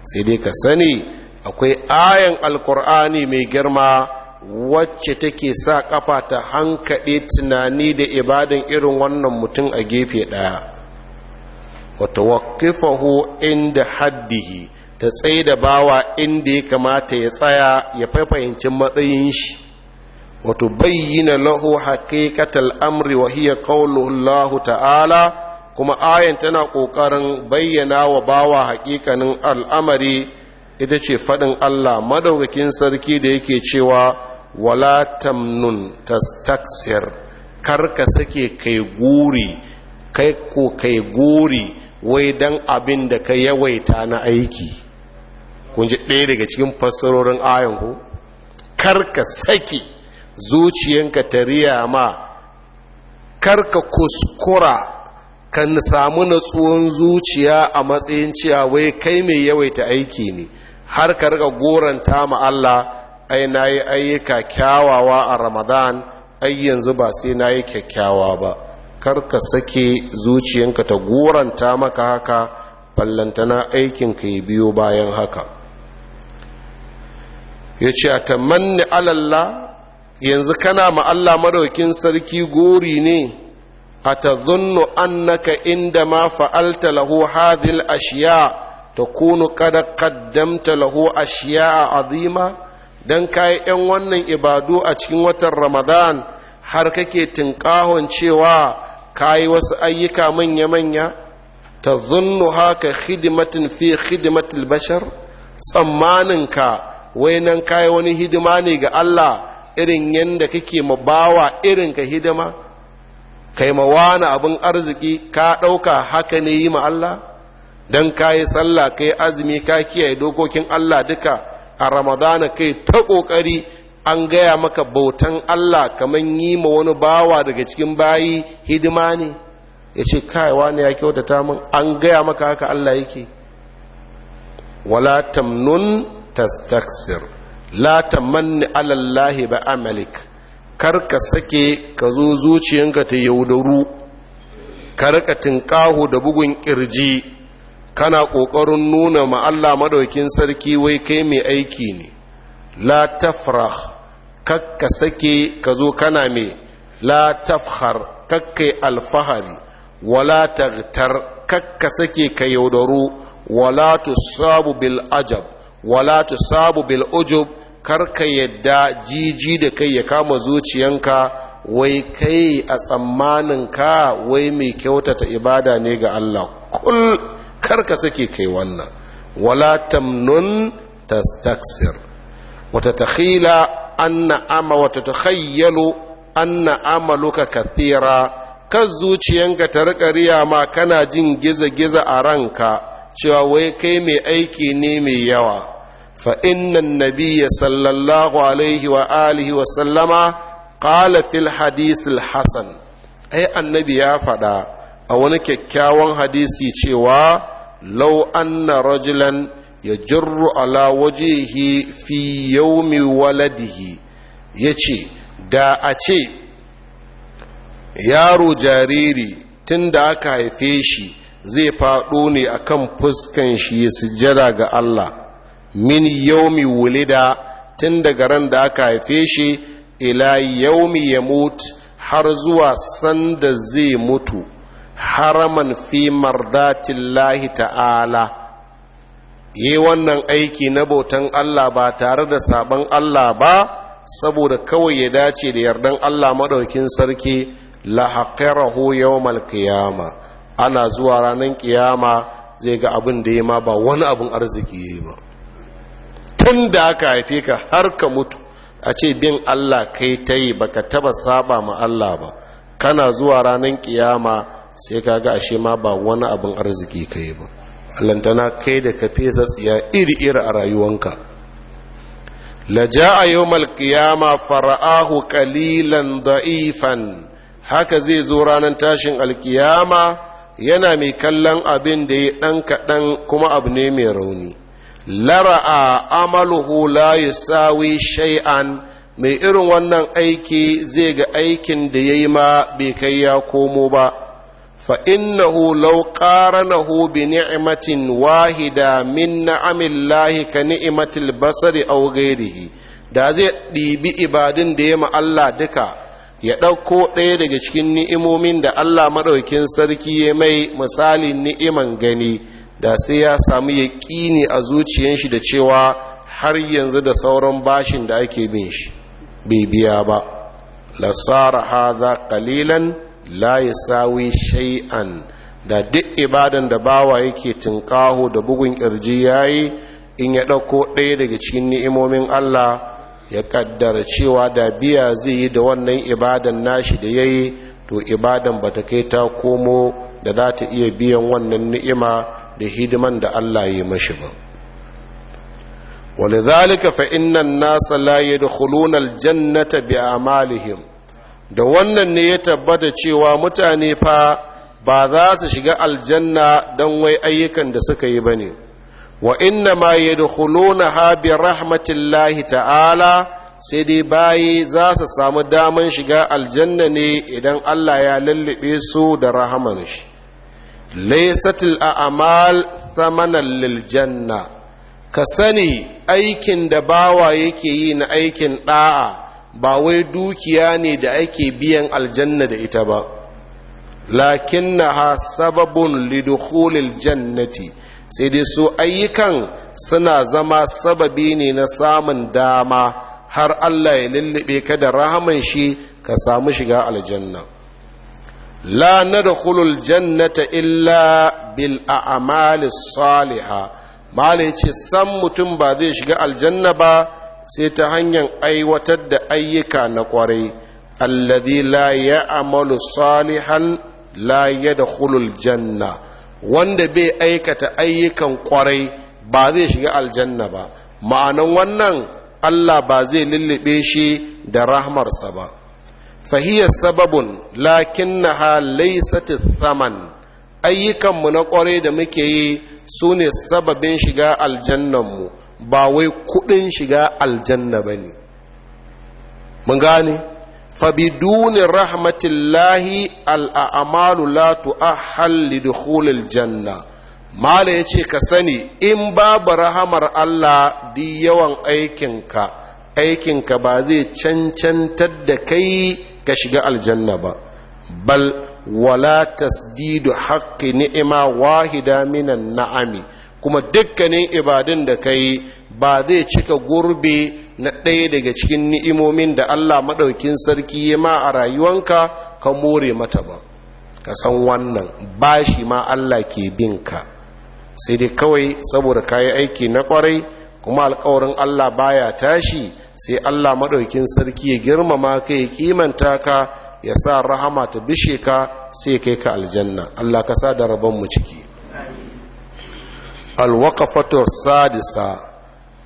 sai dai ka sani akwai ayan alkur'ani mai girma wacce take sa kafa ta hankaɗe tunani da ibadan irin wannan mutum a gefe ɗaya wata wakifahu inda haddihi ta tsaye da bawa inda ya kamata ya tsaya ya fahimci matsayin shi wato bayyana lahu haƙiƙatar amri wa hiya qauluhu ta'ala kuma ayan tana ƙoƙarin bayyana wa bawa haƙiƙanin al'amari ita ce faɗin Allah madaukakin sarki da yake cewa wala tamnun tastaksir kar ka sake kai guri kai ko kai guri wai dan abin da ka yawaita na aiki kun ji ɗaya daga cikin fassarorin ayon ku kar ka sake zuciyanka ta riya ma kar ka kuskura kan samu natsuwan zuciya a matsayin cewa wai kai mai yawaita aiki ne har ka riga goranta ma Allah ai na yi ayyuka kyawawa a ramadan ai yanzu ba sai na yi kyakkyawa ba kar ka sake zuciyanka ta guranta maka haka ballantana aikinka ya biyo bayan haka ya ce a tamanni alallah yanzu kana ma Allah sarki gori ne a ta zunnu annaka inda ma fa'alta lahu hadil ashiya ta kunu kada kaddamta lahu ashiya azima don kayi 'yan wannan ibadu a cikin watan ramadan har kake tunkahon cewa kayi wasu ayyuka manya-manya ta zunnu haka hidimatin fi hidimatil bashar wai nan kayi wani hidima ne ga allah irin yadda kake bawa irin ka hidima kai mawana abin arziki ka ɗauka haka ne yi ma allah don kayi sallah kai azumi ka kiyaye dokokin allah duka a ramadana kai ta ƙoƙari an gaya maka bautan Allah kamar yi ma wani bawa daga cikin bayi hidima ne ya ce kaiwa ne ya kyautata min an gaya maka haka Allah yake wala tamnun tastaksir la tamanni alallahi ba amalik kar ka sake ka zo zuciyanka ta yaudaru ka rika da bugun kirji kana ƙoƙarin nuna ma Allah maɗaukin sarki wai kai mai aiki ne la tafrah kakka sake ka zo kana mai la tafhar kakka alfahari wala tagtar kakka sake ka yaudaru. wala tusabu bil ajab wala tusabu bil ujub karka yadda jiji da kai ya kama zuciyanka wai kai a tsammanin ka wai mai kyautata ibada ne ga Allah kul karka sake kai wannan wala tamnun tastaksir wata takhila anna ama wata takhayyalu anna amaluka kathira kan zuciyanka ta rika riya ma kana jin giza-giza a ranka cewa wai kai mai aiki ne mai yawa fa inna nabiyya sallallahu alaihi wa alihi wa sallama qala fil hadisil hasan ai annabi ya faɗa a wani kyakkyawan hadisi cewa law anna rajulan yajurru ala wajhihi fi yawmi waladihi yace da a ce yaro jariri tun da aka haife shi zai faɗo ne akan fuskan shi ya sujjada ga Allah min yaumi wulida tun daga ran da aka haife shi ila yaumi ya mutu har zuwa sanda zai mutu haraman fi mardatillahi ta'ala yi wannan aiki na bautan Allah ba tare da sabon Allah ba saboda kawai ya dace da yardan Allah maɗaukin sarki la haƙarahu yawmal qiyama ana zuwa ranar ƙiyama zai ga abin da ya ma ba wani abin arziki yi ba tun da aka haife ka har ka mutu a ce bin Allah kai ta yi baka taba saba ma Allah ba kana zuwa ranar ƙiyama sai ka ga ashe ma ba wani abin arziki kai ba lantana kai da ka fesa tsiya iri-iri a rayuwanka laja'a yawmal Far'ahu fara'ahu kalilan da'ifan haka zai zo ranar tashin alkiyama yana mai kallon abin da ya ɗan kaɗan kuma abu ne mai rauni lara'a amaluhu la sawi shay'an mai irin wannan aiki zai ga aikin da ya yi ma bai kai ya komo ba فإنه لو قارنه بنعمة واحدة من نعم الله كنعمة البصر أو غيره da zai ɗibi ibadin da ya Allah duka ya ɗauko ɗaya daga cikin ni'imomin da Allah maɗaukin sarki ya mai misalin ni'iman gani da sai ya samu ya ƙini a zuciyan shi da cewa har yanzu da sauran bashin da ake bin shi bai biya ba lasara haza ƙalilan la sawi shay'an da duk ibadan da bawa yake tinkaho da bugun kirji yayi in ya ɗauko ɗaya daga cikin ni'imomin Allah ya kaddara cewa da biya zai yi da wannan ibadan nashi da yayi to ibadan ta kai ta komo da za ta iya biyan wannan ni'ima da hidiman da Allah ya mashi ba ولذلك فإن الناس لا يدخلون الجنة بأعمالهم da wannan ne ya tabbata cewa mutane fa ba za su shiga aljanna don wai ayyukan da suka yi ba ne wa inna ma ya dukuluna ha bi rahmatillahi ta'ala sai dai bayi za su samu daman shiga aljanna ne idan Allah ya lullube su da rahaman shi laisatul a'mal thamanan lil janna ka sani aikin da bawa yake yi na aikin da'a ba wai dukiya ne da ake biyan aljanna da ita ba lakin na ha sababun lidukulil jannati sai dai su ayyukan suna zama sababi ne na samun dama har Allah ya lullube ka da rahaman shi ka samu shiga aljanna la nadkhulul jannata illa bil a'mali salihah mala yace san mutum ba zai shiga aljanna ba sai ta hanyar aiwatar da ayyuka na ƙwarai alladhi la ya'malu salihan la yadkhulul janna wanda bai aikata ayyukan ƙwarai ba zai shiga aljanna ba ma'anan wannan Allah ba zai lullube shi da rahmarsa ba fahiyar sababun lakinnaha laysat thaman mu na ƙwarai da muke yi sune sabbin sababin shiga mu ba wai kudin shiga aljanna ba ne mun gane fabiduni rahmatillahi al'amalu la tu'ahhal lidkhulil janna mala ya ce ka sani in babu rahamar Allah di yawan aikinka aikinka ba zai cancantar da kai ka shiga aljanna ba bal wala tasdidu haqqi ni'ima wahida minan na'ami kuma dukkanin ibadun da ka yi ba zai cika gurbe na ɗaya daga cikin ni'imomin da Allah maɗaukin sarki ya ma a rayuwanka ka more mata ba ka san wannan bashi ma Allah ke bin ka sai dai kawai saboda ka yi aiki na ƙwarai kuma alkawarin Allah baya tashi sai Allah maɗaukin sarki ya girmama ka ya kimanta ka ya sa rahama ta bishe ka sai kai ka aljanna Allah ka sa da rabon mu ciki alwakafatu sadisa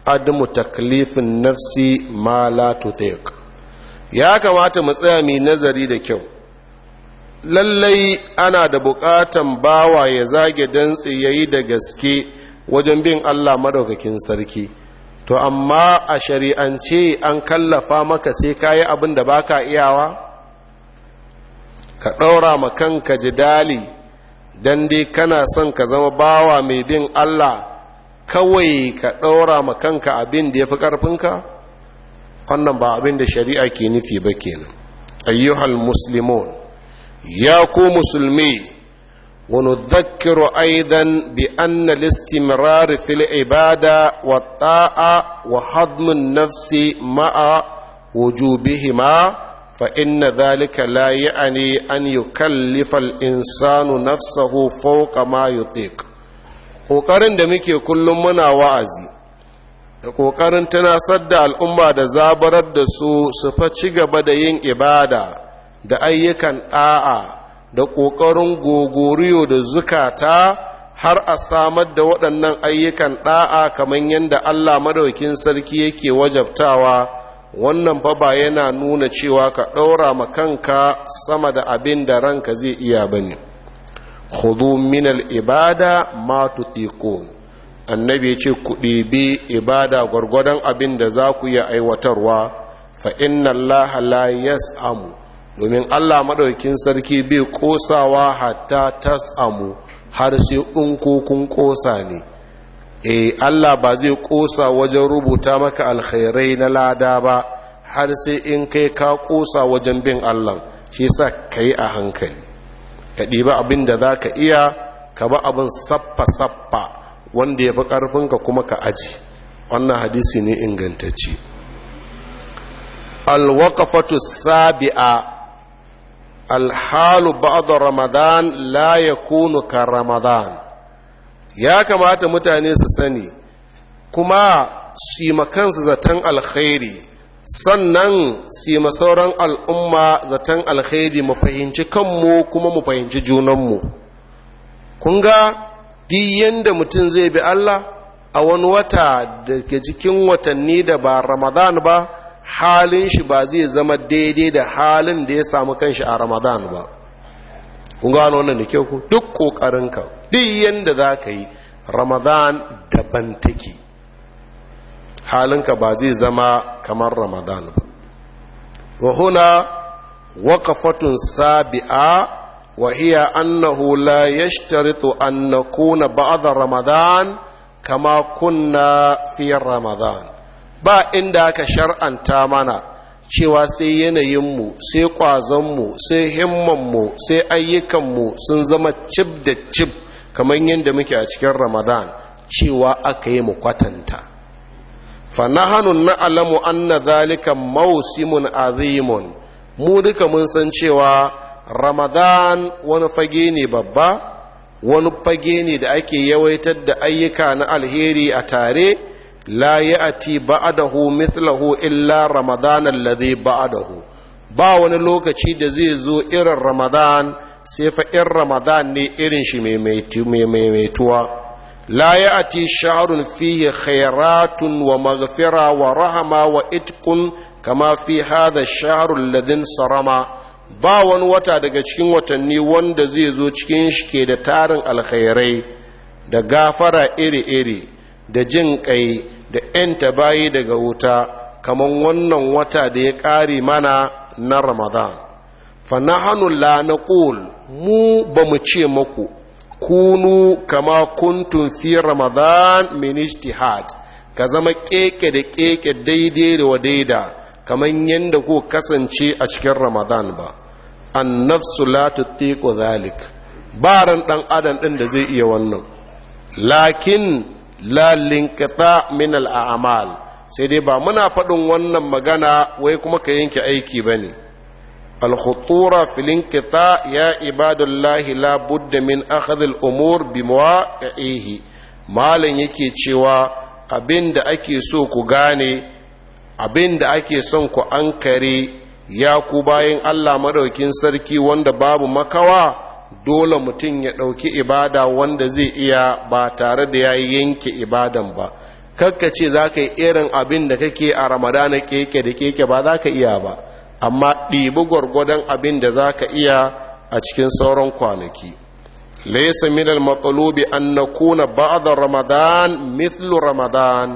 adamu taklifin nafsi ma la ya kamata mu tsaya mai nazari da kyau lallai ana da buƙatan bawa ya zage dantse yayi da gaske wajen bin Allah madaukakin sarki to amma a shari'ance an kallafa maka sai kayi abin da baka iyawa ka ɗaura ma kanka jidali don dai kana son ka zama bawa mai bin Allah kawai ka ɗaura ma kanka abin da ya fi ƙarfinka wannan ba abin da shari'a ke nufi ba kenan ayyuhal muslimun ya ku musulmi ونذكر أيضا ibada wa في wa wa hadmin النفس ma'a wujubihima fa ذلك zalika يعني أن an الإنسان نفسه insanu ما يطيق ƙoƙarin da muke kullum muna wa'azi da ƙoƙarin tana da al'umma da zabarar da su su fa ci gaba da yin ibada da ayyukan ɗa'a, da ƙoƙarin gogoriyo da zukata har a samar da waɗannan ayyukan ɗa'a kamar yadda Allah madaukin sarki yake wajabtawa wannan fa ba yana nuna cewa ka ɗaura ma kanka sama da abin da ranka zai iya ba ne khudu minal ibada ma tutiqun annabi ya ce ku ɗibi ibada gwargwadon abin da za ku yi aiwatarwa fa inna allaha la yas'amu domin allah maɗaukin sarki bai ƙosawa hatta tas'amu har sai in kun ƙosa ne eh Allah ba zai kosa wajen rubuta maka alkhairai na lada ba har sai in kai ka kosa wajen bin Allah shi ka kai a hankali ka ɗiba abin da za ka iya ka ba abin saffa-saffa wanda ya fi ƙarfinka kuma ka aji wannan hadisi ne ingantacce alwaƙafatu sabi'a alhalu ba'da ramadan la yakunu ka ramadan ya kamata mutane su sani kuma su kansu zaton alkhairi sannan su sauran al'umma zaton alkhairi mu fahimci kanmu kuma mu fahimci junanmu kun ga yadda mutum zai bi Allah a wani wata daga cikin watanni da ba ramadan ba halin shi ba zai zama daidai da halin da ya samu kanshi a ramadan ba kun gano wannan da kyau ku duk ƙoƙarinka duk yadda za ka yi ramadan daban take halinka ba zai zama kamar ramadan ba wa huna waƙafatun sabi'a وهي ya لا an na kuna بعد ramadan kama kunna fi ramadan ba inda aka shar'anta mana cewa sai yanayinmu sai ƙwazonmu sai himmanmu sai ayyukanmu sun zama cib da cib kamar yadda muke a cikin ramadan cewa aka yi mu kwatanta fanahanu an na zalika mausimun azimun mu duka mun san cewa ramadan wani fage ne babba wani fage ne da ake yawaitar da ayyuka na alheri a tare la ya'ti ba'adahu mithlahu illa ramadan alladhi ba'adahu. ba wani lokaci da zai zo irin ramadan sai fa in ramadan ne irin shi maimaituwa la ya ati sha'arun fiye khairatun wa maghfira wa rahama wa itkun kama fi hada sha'arun ladin sarama ba wani wata daga cikin watanni wanda zai zo cikin shi ke da tarin alkhairai da gafara iri-iri da jin kai da 'yanta bayi daga wuta kamar wannan wata da ya ƙare mana na ramadan fa hannu la naqul mu ba mu ce maku kunu kama kuntun fi ramadan min ka zama keke da keke daidai da wadaida kamar yadda ko kasance a cikin ramadan ba an nafsu la teku zalik baran ɗan adam din da zai iya wannan lakin la linkata min al a'mal sai dai ba muna faɗin wannan magana wai kuma ka yanke aiki bane الخطورة في الانقطاع يا عباد الله لا بد من أخذ الأمور بمواقعه malam yake cewa abinda da ake so ku gane abinda ake son ku ankare ya ku bayan allah maɗaukin sarki wanda babu makawa dole mutum ya ɗauki ibada wanda zai iya ba tare da ya yanke ibadan ba kakka ce za ka yi irin abin da kake a ramadana keke da keke ba za ka iya ba amma ɗibi gwargwadon abin da za ka iya a cikin sauran kwanaki laisa minal matsalobi an na kuna ramadan mithlu ramadan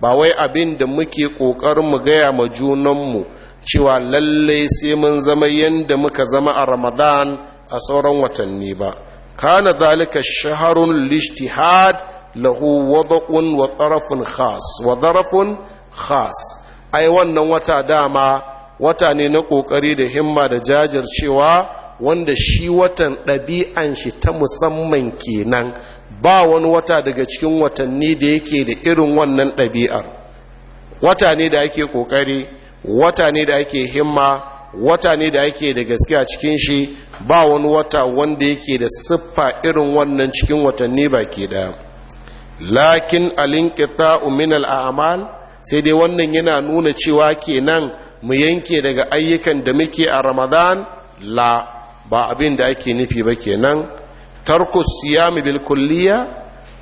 ba wai abin da muke ƙoƙarin mu gaya ma junanmu cewa lallai sai mun zama yadda muka zama a ramadan a sauran watanni ba kana zalika shaharun lishtihad lahu wada'un wa tsarafin khas wa tsarafin khas ai wannan wata dama wata ne na ƙoƙari da himma da jajircewa wanda shi watan ɗabi'an shi ta musamman kenan ba wani wata daga cikin watanni da yake da irin wannan ɗabi'ar wata ne da ake ƙoƙari wata ne da ake himma wata ne da ake da gaske a cikin shi ba wani wata wanda yake da siffa irin wannan cikin watanni ba ke da lakin alinkita min al'amal sai dai wannan yana nuna cewa kenan mu yanke daga ayyukan da muke a ramadan la ba abin da ake nufi ba kenan tarku siyami bil kulliya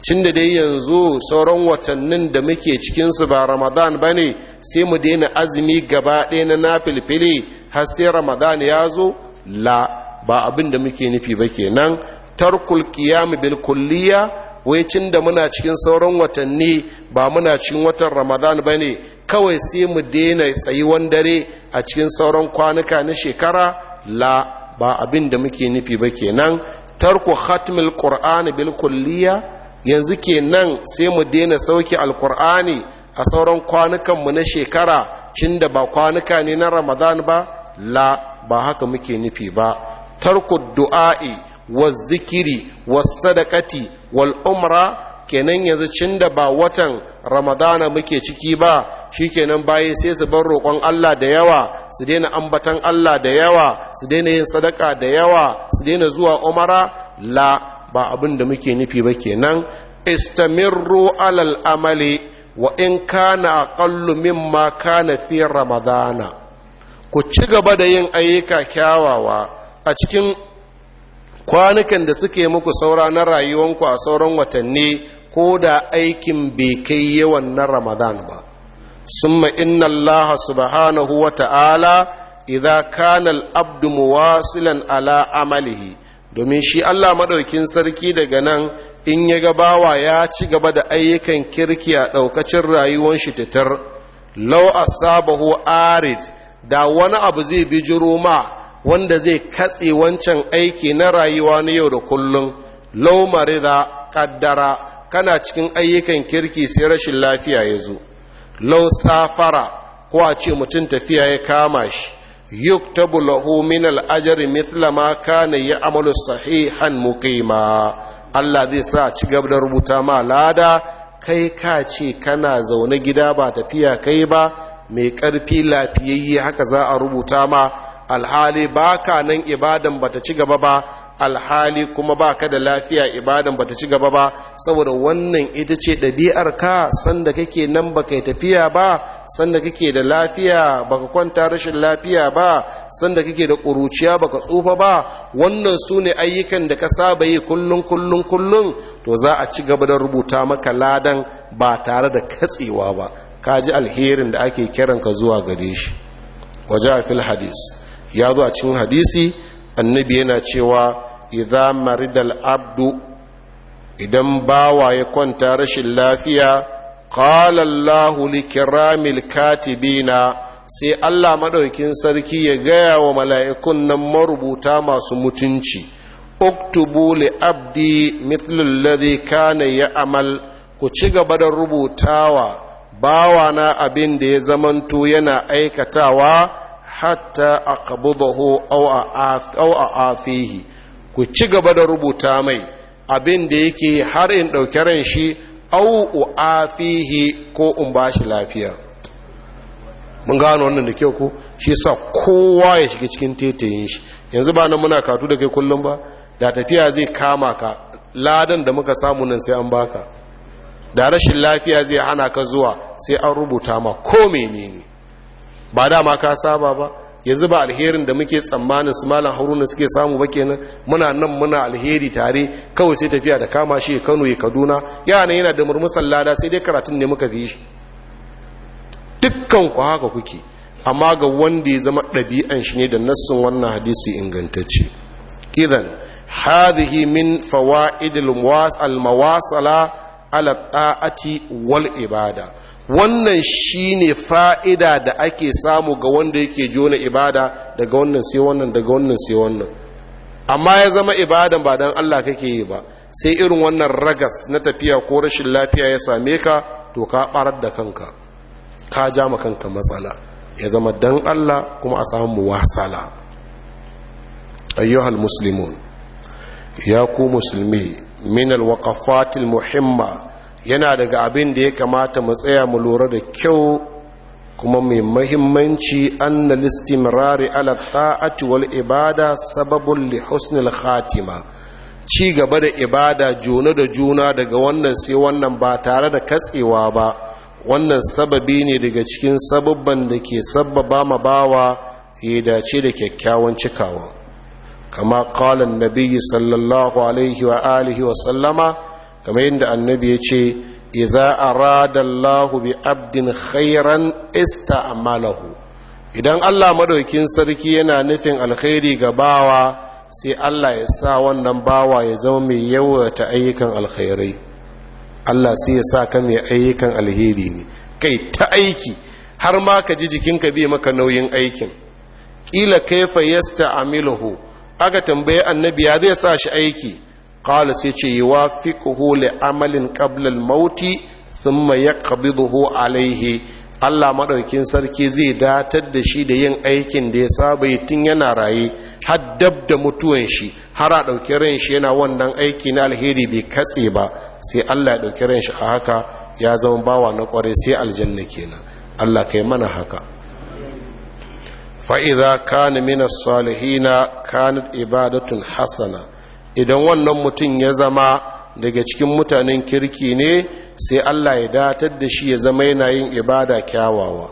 cin da dai yanzu sauran watannin da muke cikinsu ba ramadan ba ne sai mu daina azumi gaba ɗaya na nafilfili har sai ramadan ya zo la ba abin da muke nufi ba kenan tarkul qiyam bil kulliya wai cin da muna cikin sauran watanni ba muna cikin watan ramadan ba ne kawai sai mu daina tsayuwan dare a cikin sauran kwanuka na shekara la ba abin da muke nufi ba kenan tarku khatmil qur'ani bil kulliya yanzu kenan sai mu daina sauki alqur'ani a sauran kwanukan mu na shekara cin da ba kwanuka ne na ramadan ba la ba haka muke nufi ba tarku du'a'i wa zikiri wa sadaqati wal umra kenan yanzu cin da ba watan ramadana muke ciki ba shi kenan baye sai su bar roƙon Allah da yawa su daina ambatan Allah da yawa su daina yin sadaka da yawa su daina zuwa umara la ba abin da muke nufi ba kenan istamirru alal amali wa in kana aqallu mimma kana fi ramadana ku ci gaba da yin ayyuka kyawawa a cikin kwanukan da suke muku saura na rayuwanku a sauran watanni ko da aikin bai kai yawan na ramadan ba summa inna allaha subhanahu wa ta'ala idan kana al-abdu muwasilan ala amalihi domin shi Allah maɗaukin sarki daga nan in ya ga bawa ya ci gaba da ayyukan kirki a ɗaukacin rayuwar shi titar law asabahu arid da wani abu zai bijiro ma wanda zai katse wancan aiki na rayuwa na yau da kullum law marida kaddara kana cikin ayyukan kirki sai rashin lafiya ya zo lau safara ko a ce mutum tafiya ya kama shi yuk lahu min al-ajri mithla ma kana ya'malu sahihan muqima Allah zai sa ci gaba da rubuta ma lada kai ka ce kana zaune gida ba tafiya kai ba mai karfi lafiyayye haka za a rubuta ma alhali baka nan ibadan bata ci gaba ba alhali kuma ba ka da lafiya ibadan ba ta ci gaba ba saboda wannan ita ce ɗabi'ar ka sanda kake nan ba kai tafiya ba sanda kake da lafiya ba ka kwanta rashin lafiya ba sanda kake da ƙuruciya ba ka tsufa ba wannan su ne ayyukan da ka saba yi kullum kullum kullum to za a ci gaba da rubuta maka ladan ba tare da katsewa ba ka ji alherin da ake kiranka zuwa gare shi waje a fil hadis ya zo a cikin hadisi annabi yana cewa idza maridal abdu idan bawa ya kwanta rashin lafiya qala Allahu kiramil katibina sai Allah madaukin sarki ya gaya wa mala'ikun nan marubuta masu mutunci uktubu li abdi mithlu alladhi kana ya'mal ku ci gaba da rubutawa na abin da ya zamanto yana aikatawa hatta a aw a afihi ku ci gaba da rubuta mai abin da yake har in ɗauki ran shi au u'afihi ko in ba shi lafiya mun gano wannan da kyau ko shi sa kowa ya shiga cikin tetayin shi yanzu ba nan muna katu da kai kullum ba da tafiya zai kama ka ladan da muka samu nan sai an baka da rashin lafiya zai hana ka zuwa sai an rubuta ma ko menene ba dama ka saba ba yanzu ba alherin da muke tsammanin su malam haruna suke samu ba kenan muna nan muna alheri tare kawai sai tafiya da kama shi ya kano ya kaduna yana yana da murmusan lada sai dai karatun ne muka fi shi dukkan ku haka kuke amma ga wanda ya zama ɗabi'an shi ne da nassun wannan hadisi ingantacce idan hadhihi min fawaid mawasala ala ta'ati wal ibada wannan shine fa'ida da ake samu ga wanda yake jona ibada daga wannan sai wannan daga wannan sai wannan amma ya zama ibadan ba dan Allah kake yi ba sai irin wannan ragas na tafiya ko rashin lafiya ya same ka to ka barar da kanka ka ja ma kanka matsala ya zama dan Allah kuma a samu wasala ayyuhal muslimun ya ku musulmi min alwaqafatil muhimma yana daga abin da ya kamata mu tsaya mu lura da kyau kuma mai mahimmanci anna listimrari ala ta'ati wal ibada sababun li husnil khatima ci gaba da ibada juna da juna daga wannan sai wannan ba tare da katsewa ba wannan sababi ne daga cikin sababban da ke sababa ma bawa ya dace da kyakkyawan cikawa kama kalan nabi sallallahu alaihi wa alihi wa sallama kamar yadda annabi ya ce iza aradallahu bi abdin khairan ista'malahu idan Allah madaukin sarki yana nufin alkhairi ga bawa sai Allah ya sa wannan bawa ya zama mai yawata ayyukan alkhairai Allah sai ya sa ka mai ayyukan alheri ne kai ta aiki har ma ka ji jikinka bai maka nauyin aikin Ƙila kila kaifa yasta'miluhu aka tambaye annabi ya zai sa shi aiki قال sai ce yuwafiquhu li amalin qabla al-mauti thumma Allah maɗaukin sarki zai datar da shi da yin aikin da ya saba yi tun yana raye har dab da mutuwan shi har a ɗauki ran shi yana wannan aiki na alheri bai katse ba sai Allah ya ɗauki ran shi a haka ya zama bawa na ƙware sai aljanna kenan Allah kai mana haka fa'iza kana mina salihina kanat ibadatun hasana idan wannan mutum ya zama daga cikin mutanen kirki ne sai Allah ya datar da shi ya zama yana yin ibada kyawawa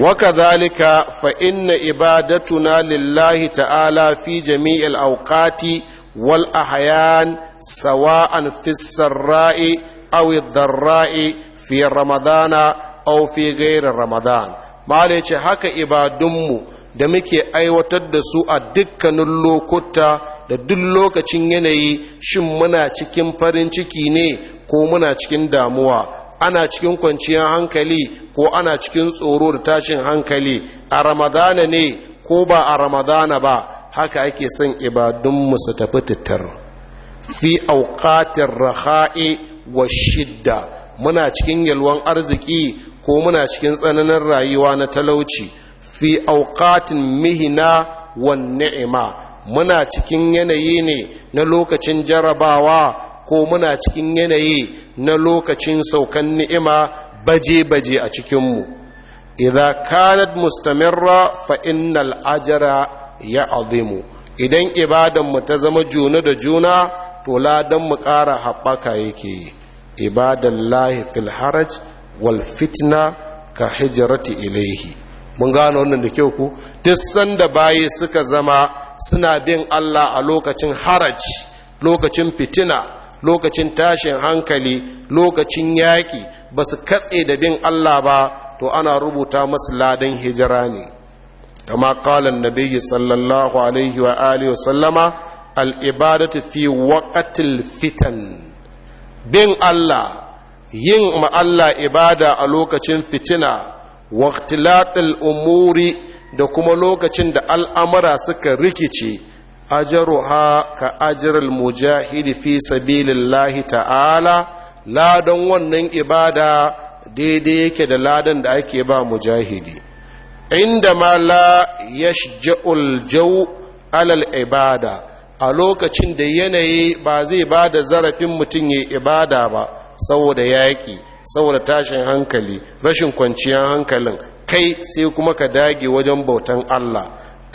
waka zalika fa inna ibadatuna lillahi ta'ala fi jami'il auqati wal ahyan sawa'an fi sarra'i aw ad-dharra'i fi ramadana aw fi ghairi ramadan mala yace haka ibadunmu da muke aiwatar da su a dukkanin lokuta da duk lokacin yanayi shin muna cikin farin ciki ne ko muna cikin damuwa ana cikin kwanciyar hankali ko ana cikin tsoro da tashin hankali a ramadana ne ko ba a ramadana ba haka ake son ibadunmu su tafi titar fi auƙatin raha'i wa shidda muna cikin yalwan arziki ko muna cikin tsananin rayuwa na talauci fi aukatin mihina wan ni'ima muna cikin yanayi ne na lokacin jarabawa ko muna cikin yanayi na lokacin saukan ni'ima baje-baje a cikinmu Idan kanat mustamirra fa innal ajra ya azimu idan ibadanmu ta zama juna da juna to ladan mu ƙara haɓaka yake yi ibadan lahi fil haraj wal fitna ka hijirati ilaihi mun gano wannan da kyau ku duk sanda bayi suka zama suna bin Allah a lokacin haraj lokacin fitina lokacin tashin hankali lokacin yaƙi ba su katse da bin Allah ba to ana rubuta masu ladan hijira ne kama kalan nabiyyi sallallahu alaihi wa alihi sallama al'ibadatu fi waƙatil fitan bin Allah yin ma Allah ibada a lokacin fitina waktilatul umuri da kuma lokacin da al'amara suka rikice ha ka ajirul mujahidi fi sabilillahi ta'ala ladan wannan ibada daidai yake da ladan da ake ba mujahidi inda ma la yashja'ul jaw alal ibada a lokacin da yanayi ba zai ba da zarafin mutum ya ibada ba saboda yaƙi saboda tashin hankali rashin kwanciyar hankalin kai sai kuma ka dage wajen bautan Allah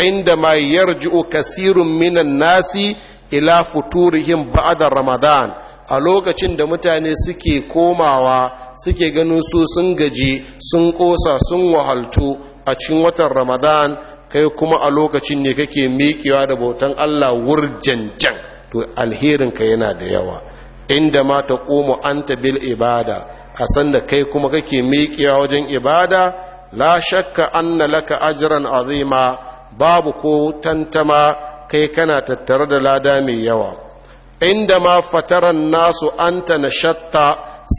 inda ma yarji'u kasirun minan nasi ila futurihim ba'da ramadan a lokacin da mutane suke komawa suke ganin su sun gaji sun kosa sun wahaltu a cikin watan ramadan kai kuma a lokacin ne kake mikiwa da bautan Allah wurjanjan to alherin ka yana da yawa inda ma ta komo anta bil ibada a sanda kai kuma kake miƙewa wajen ibada la shakka anna laka ajran azima babu ko tantama kai kana tattare da lada mai yawa inda ma fataran nasu anta nashatta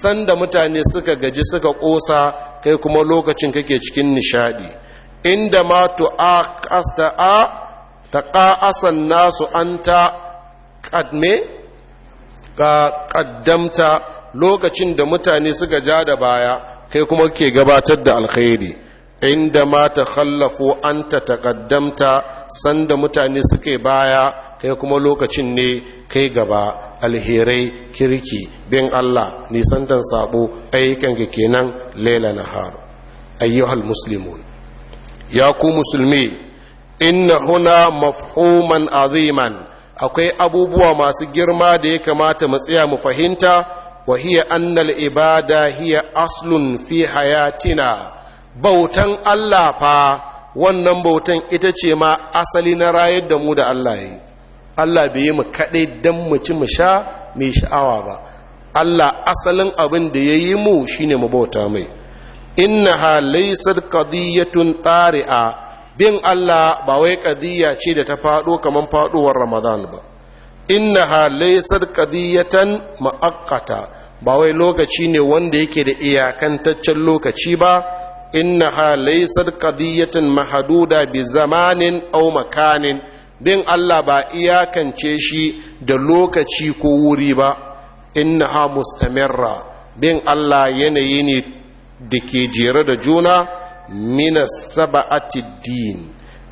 sanda mutane suka gaji suka ƙosa, kai kuma lokacin kake cikin nishadi inda ma tu'aqasta a taqasan nasu anta qadme ka qaddamta lokacin da mutane suka ja da baya kai kuma ke gabatar da alkhairi inda ma ta khallafo an ta taƙaddamta sanda mutane suke baya kai kuma lokacin ne kai gaba alherai kirki bin Allah nisantan sabo ayyukan ga kenan laila nahar ayyuhal muslimun ya ku musulmi inna huna mafhuman aziman akwai abubuwa masu girma da ya kamata mu tsaya mu fahimta وهي أن annal ibada hiya aslun fi hayatina bautan Allah fa wannan bautan ita ce ma asali na rayar da mu da Allah yi Allah bai yi mu kaɗai don mu ci mu sha mai sha'awa ba Allah asalin abin da ya yi mu shine mu bauta mai innaha laysat tsari tari'a bin Allah ba wai kadiyya ce da ta faɗo kamar faɗuwar Ramadan ba innaha laysat qadiyatan muaqqata ba wai lokaci ne wanda yake da iyakantaccen lokaci ba innaha laysat qadiyatan mahduda bi zamanin aw makanin bin Allah ba iyakance shi da lokaci ko wuri ba innaha mustamirra bin Allah yanayi ne da ke jere da juna minas saba'atid din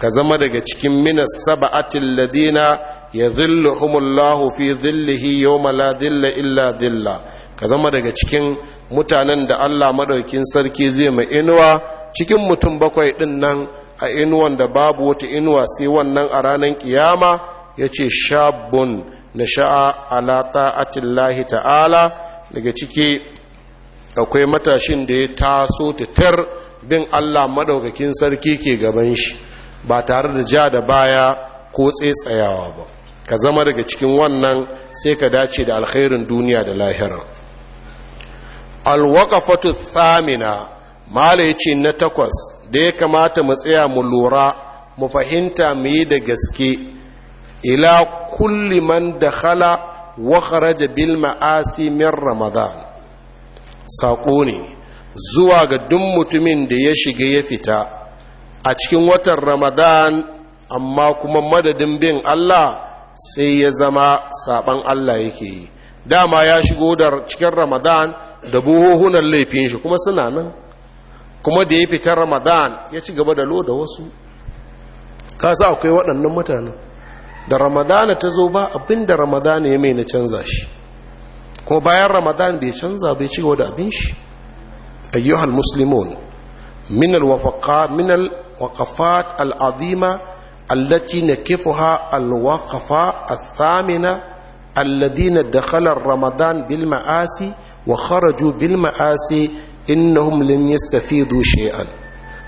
ka zama daga cikin minas saba'atil ladina ya zilluhumullahu fi zillihi yawma la zilla illa zilla ka zama daga cikin mutanen da Allah madaukin sarki zai mai inuwa cikin mutum bakwai din nan a inuwan da babu wata inuwa sai wannan a ranar kiyama yace shabun nasha'a ala ta'atillahi ta'ala daga ciki akwai matashin da ya taso tar bin Allah madaukakin sarki ke gaban shi ba tare da ja da baya ko tsayawa ba ka zama daga cikin wannan sai ka dace da alkhairin duniya da lahira alwakafatu tsamina mala ce na takwas da ya kamata mu tsaya mu lura mu fahimta mu yi da gaske ila kulli man da khala wa kharaja bil ma'asi min ramadan saƙo ne zuwa ga duk mutumin da ya shiga ya fita a cikin watan ramadan amma kuma madadin bin allah sai ya zama saban Allah yake yi dama ya shigo da cikin ramadan da buhuhunan laifin shi kuma suna nan kuma da ya fita ramadan ya ci gaba da loda wasu kasa akwai waɗannan mutane da ramadana ta zo ba abin da ramadana ya mai na canza shi kuma bayan ramadan bai canza bai ci gaba da abin shi ayyuhal muslimun minal alwafaqat allati nakifuha alwaqafa athamina alladhina dakhala ramadan bil ma'asi wa kharaju bil ma'asi innahum lam yastafidu shay'an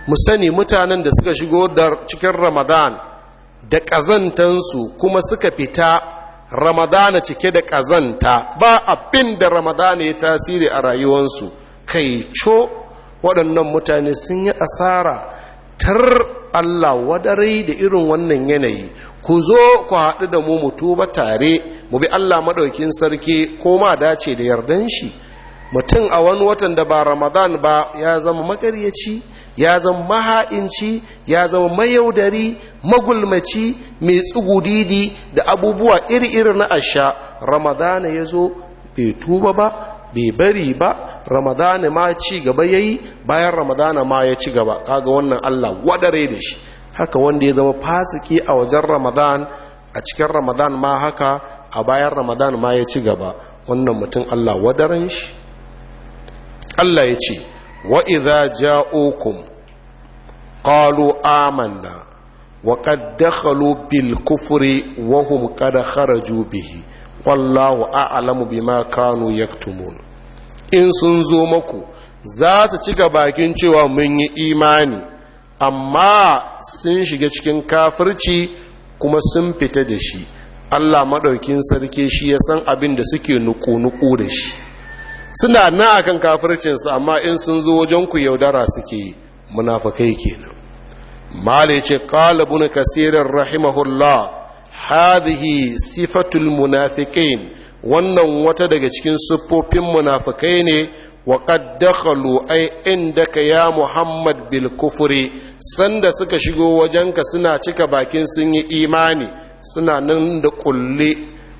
mu sani mutanen da suka shigo da cikin ramadan da ƙazantansu kuma suka fita ramadana cike da ƙazanta ba abin da ramadana ya tasiri a rayuwansu. Kaico waɗannan mutane sun yi asara tar Allah wadare da irin wannan yanayi ku zo ku haɗu da mu mutu ba tare mu bi Allah maɗaukin sarki ko ma dace da yardan shi mutum a wani watan da ba ramadan ba ya zama makaryaci ya zama maha'inci ya zama mayaudari magulmaci mai tsugudidi da abubuwa iri-iri na asha ramadana ya zo bai tuba ba bai bari ba ramadana ma ci gaba ya yi bayan ramadana ma ya ci gaba kaga wannan Allah wadare da shi haka wanda ya zama fasiki a wajen ramadan a cikin ramadan ma haka a bayan ramadan ma ya ci gaba wannan mutum Allah wadaran shi Allah ya ce wa idza ja'ukum qalu amanna wa qad dakhalu bil kufri wa hum qad kharaju bihi wallahu a'lamu bima kanu yaktumun in sun zo maku za su cika bakin cewa mun yi imani amma sun shiga cikin kafirci kuma sun fita da shi allah maɗaukin sarki shi ya san abin da suke nuku-nuku da shi suna na akan kafircinsu amma in sun zo wajen ku yaudara suke munafakai kenan malai ce qalibun kasirin rahimahullah hadhihi sifatul munafiqin wannan wata daga cikin siffofin munafikai ne wa qad ai ay indaka ya muhammad bil kufri sanda suka shigo wajenka suna cika bakin sun yi imani suna nan da kulle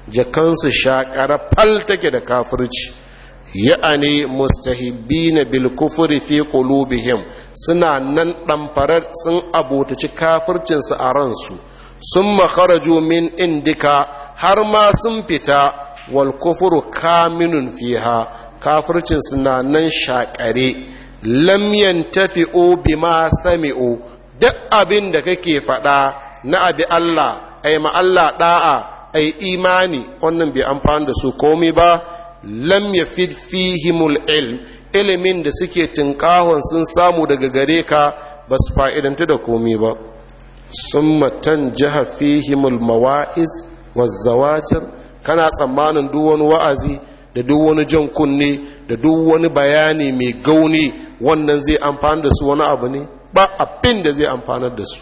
jakansu shakara fal take da kafirci ya'ani mustahibbina bil kufri fi qulubihim suna nan ɗamfarar sun abotaci kafircinsu a ransu sun kharaju min indika har ma sun fita wal kaminun fiha kafircin suna nan shaƙare. Lamyan yantafi'u bima sami'u duk abin da kake faɗa na abi Allah ai ma Allah ɗa'a, ai imani wannan bai amfani da su komai ba lam yafid fihimul ilm ilimin da suke tinkahon sun samu daga gare ka ba su fa'idanta da komai ba sun matan jiha fihimul mawa'iz wazzawajir kana tsammanin duk wani wa'azi da duk wani jan kunne da duk wani bayani mai gauni wannan zai amfani da su wani abu ne ba abin da zai amfanar da su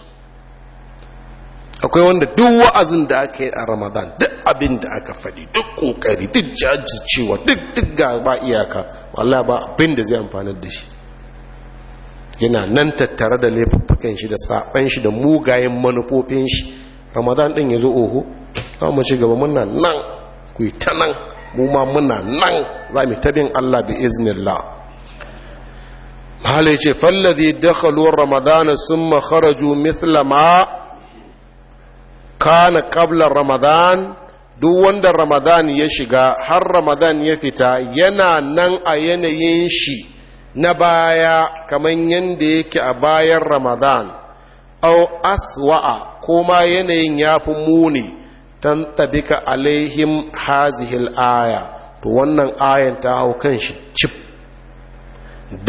akwai wanda duk wa'azin da aka yi a ramadan duk abin da aka faɗi duk ƙoƙari duk jajircewa duk duk ga ba iyaka wallah ba abin da zai amfanar da shi yana nan tattare da laifuffukan shi da saɓan shi da mugayen manufofin shi ramadan ɗin ya zo oho za mu ci gaba muna nan ku yi ta nan mu ma muna nan za mu tabin Allah bi iznillah Mahala ce fallazi dakhalu ramadana sun kharaju mithla ma kana qabla ramadan duk wanda ramadan ya shiga har ramadan ya fita yana nan a yanayin shi na baya kamar yadda yake a bayan ramadan au aswa'a ko ma yanayin ya fi muni Tan tabika alaihim hazihil aya to wannan ayan ta hau kan shi cif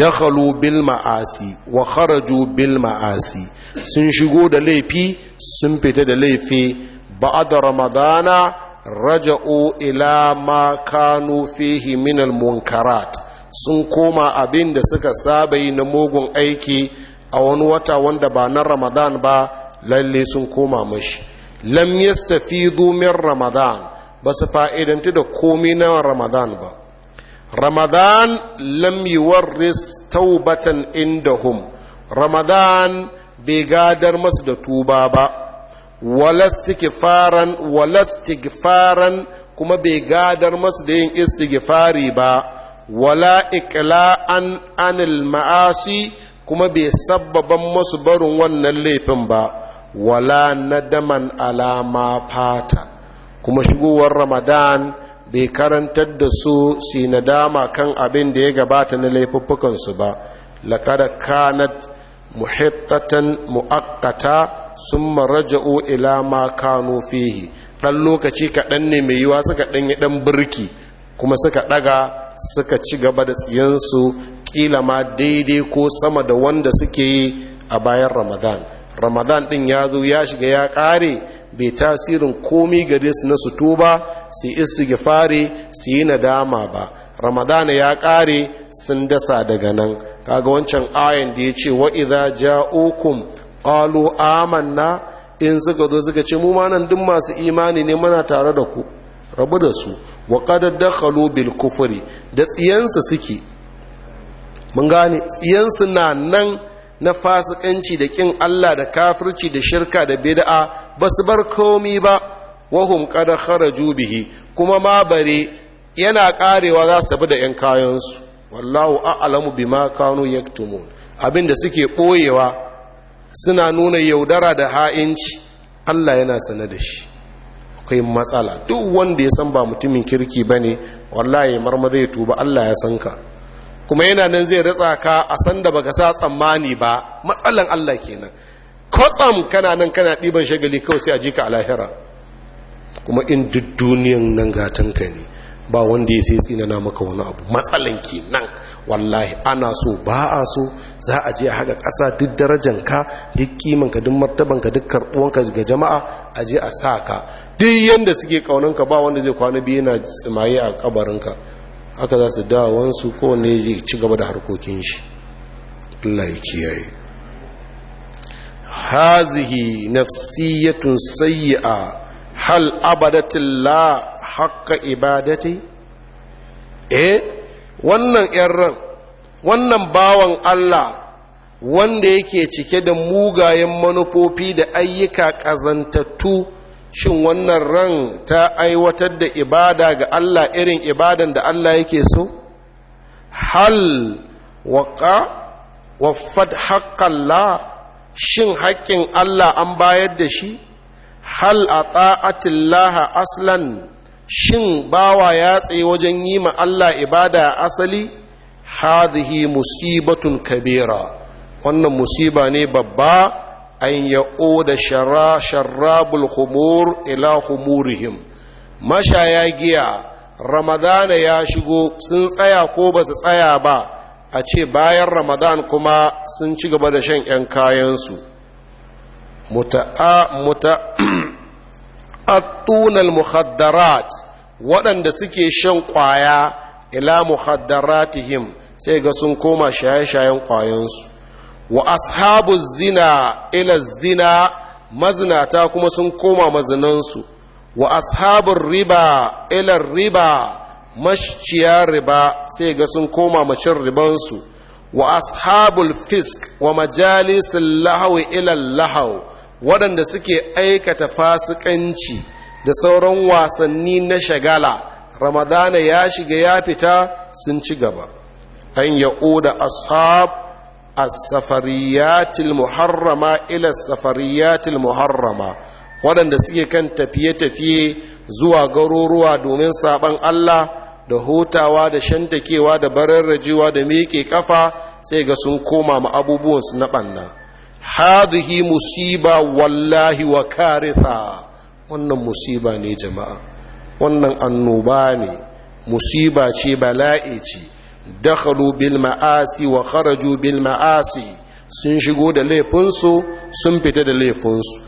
dakhalu bil ma'asi wa kharaju bil ma'asi sun shigo da laifi sun fita da laifi ba'ad ramadana raja'u ila ma kanu fihi min al munkarat sun koma abin da suka saba yi na mugun aiki a wani wata wanda ba na ramadan ba lalle sun koma mashi lam yastafidu min ramadan ba su fa'idantu da komai na ramadan ba ramadan lam yuwarris taubatan indahum ramadan bai gadar masu da tuba ba walastigfaran walastigfaran kuma bai gadar masu da yin istigifari ba wala an anil ma'asi kuma bai sabbaban masu barin wannan laifin ba wala nadaman alama fata kuma shigowar ramadan bai karantar da su si nadama kan abin da ya gabata na su ba laƙada kanat muhittatan mu'akkata sun maraja'o ila ma kanu fihi ɗan lokaci kaɗan ne mai yiwa suka ɗanyi ɗan birki kuma suka ɗaga suka ci gaba da tsiyansu ƙila ma daidai ko sama da wanda suke yi a bayan ramadan ramadan din ya zo ya shiga ya ƙare bai tasirin komi gare su na su yi su istighfari su yi nadama ba ramadan ya ƙare sun dasa daga nan kaga wancan ayan da ya ce wa idza ja'ukum amanna in suka zo suka ce mu ma nan duk masu imani ne muna tare da ku rabu da su wa kadadda dakhalu bil kufuri. da tsiyansa suke mun gane tsiyansu na nan na fasikanci da kin Allah da kafirci da shirka da bid'a ba su bar komi ba wahum qad kharaju bihi kuma ma bare yana karewa za su bi da yan kayansu wallahu a'lamu bima kanu yaktumun abinda suke boyewa suna nuna yaudara da ha'inci Allah yana sane da shi akwai matsala duk wanda ya san ba mutumin kirki bane wallahi marma zai tuba Allah ya san ka kuma yana nan zai ritsa ka a sanda baka sa tsammani ba matsalan Allah kenan tsam kana nan kana ɗiban shagali kawai sai a ji ka a lahira kuma in duk duniyan nan gatan ka ne ba wanda ya sai na maka wani abu matsalan kenan wallahi ana so ba a so za a je a haka ƙasa duk darajan ka duk kiman ka duk martaban ka duk karɓuwan ka ga jama'a a je a sa ka duk yanda suke kaunanka ba wanda zai kwana biyu yana tsimaye a kabarinka. aka za su dawansu kowane ya ci gaba da harkokin shi Allah ya kiyaye hazihi nafsiyatun sayyi'a hal abadatin la haka ibadati eh wannan ran wannan bawan Allah wanda yake cike da mugayen manufofi da ayyuka ƙazantattu shin wannan ran ta aiwatar da ibada ga Allah irin ibadan da Allah yake so hal waqa waffad haqqalla shin haƙƙin Allah an bayar da shi hal a Laha aslan shin bawa ya tsaye wajen yi ma Allah ibada asali hadhihi musibatun kabira wannan musiba ne babba an ya'o da sharabul humur ila humurihim mashaya giya ramadana ya shigo sun tsaya ko ba su tsaya ba a ce bayan ramadan kuma sun ci gaba da shan 'yan kayansu muta'attunal muhaddarat waɗanda suke shan kwaya ila muhaddaratihim sai ga sun koma shaye-shayen kwayansu wa ashabu zina ila zina mazinata kuma sun koma mazinansu wa ashabun riba ila riba mashiya riba sai ga sun koma mashin ribansu wa ashabul fisk wa majalisin lahawi ila lahau waɗanda suke aikata fasikanci da sauran wasanni na shagala ramadana ya shiga ya fita sun ci gaba an ya'uda ashab as-safariyatil muharrama ila as-safariyatil muharrama waɗanda suke kan tafiye-tafiye zuwa garuruwa domin saban Allah da hutawa da shantakewa da bararrajewa da miƙe ƙafa, sai ga sun koma ma abubuwansu na banna. hadhihi musiba wallahi wa karitha wannan musiba ne jama'a wannan annoba ne musiba ce bala'i ce dakhalu bil ma'asi wa kharaju bil ma'asi sun shigo da laifinsu sun fita da laifinsu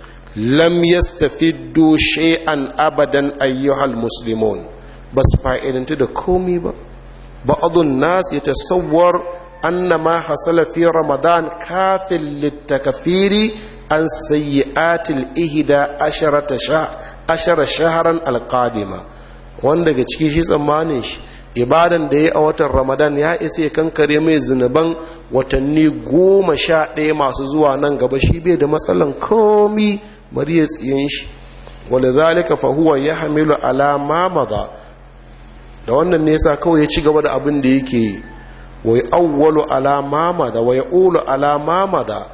lam yastafiddu shay'an abadan ayyuhal muslimun ba su fa'idantu da komi ba ba'adun nas ya tasawwar anna ma hasala ramadan kafin littakafiri an sayi sayyi'atil ihda asharata shahran alqadima wanda daga ciki shi tsammanin shi ibadan da ya a watan ramadan ya isa ya kankare mai zunuban watanni goma sha ɗaya masu zuwa nan gaba shi bai da matsalan komi bari ya shi wale zalika fahuwa ya hamilu alama maza da wannan nesa kawai ya ci gaba da abin da yake yi wai awwalu alama maza wai ulu alama maza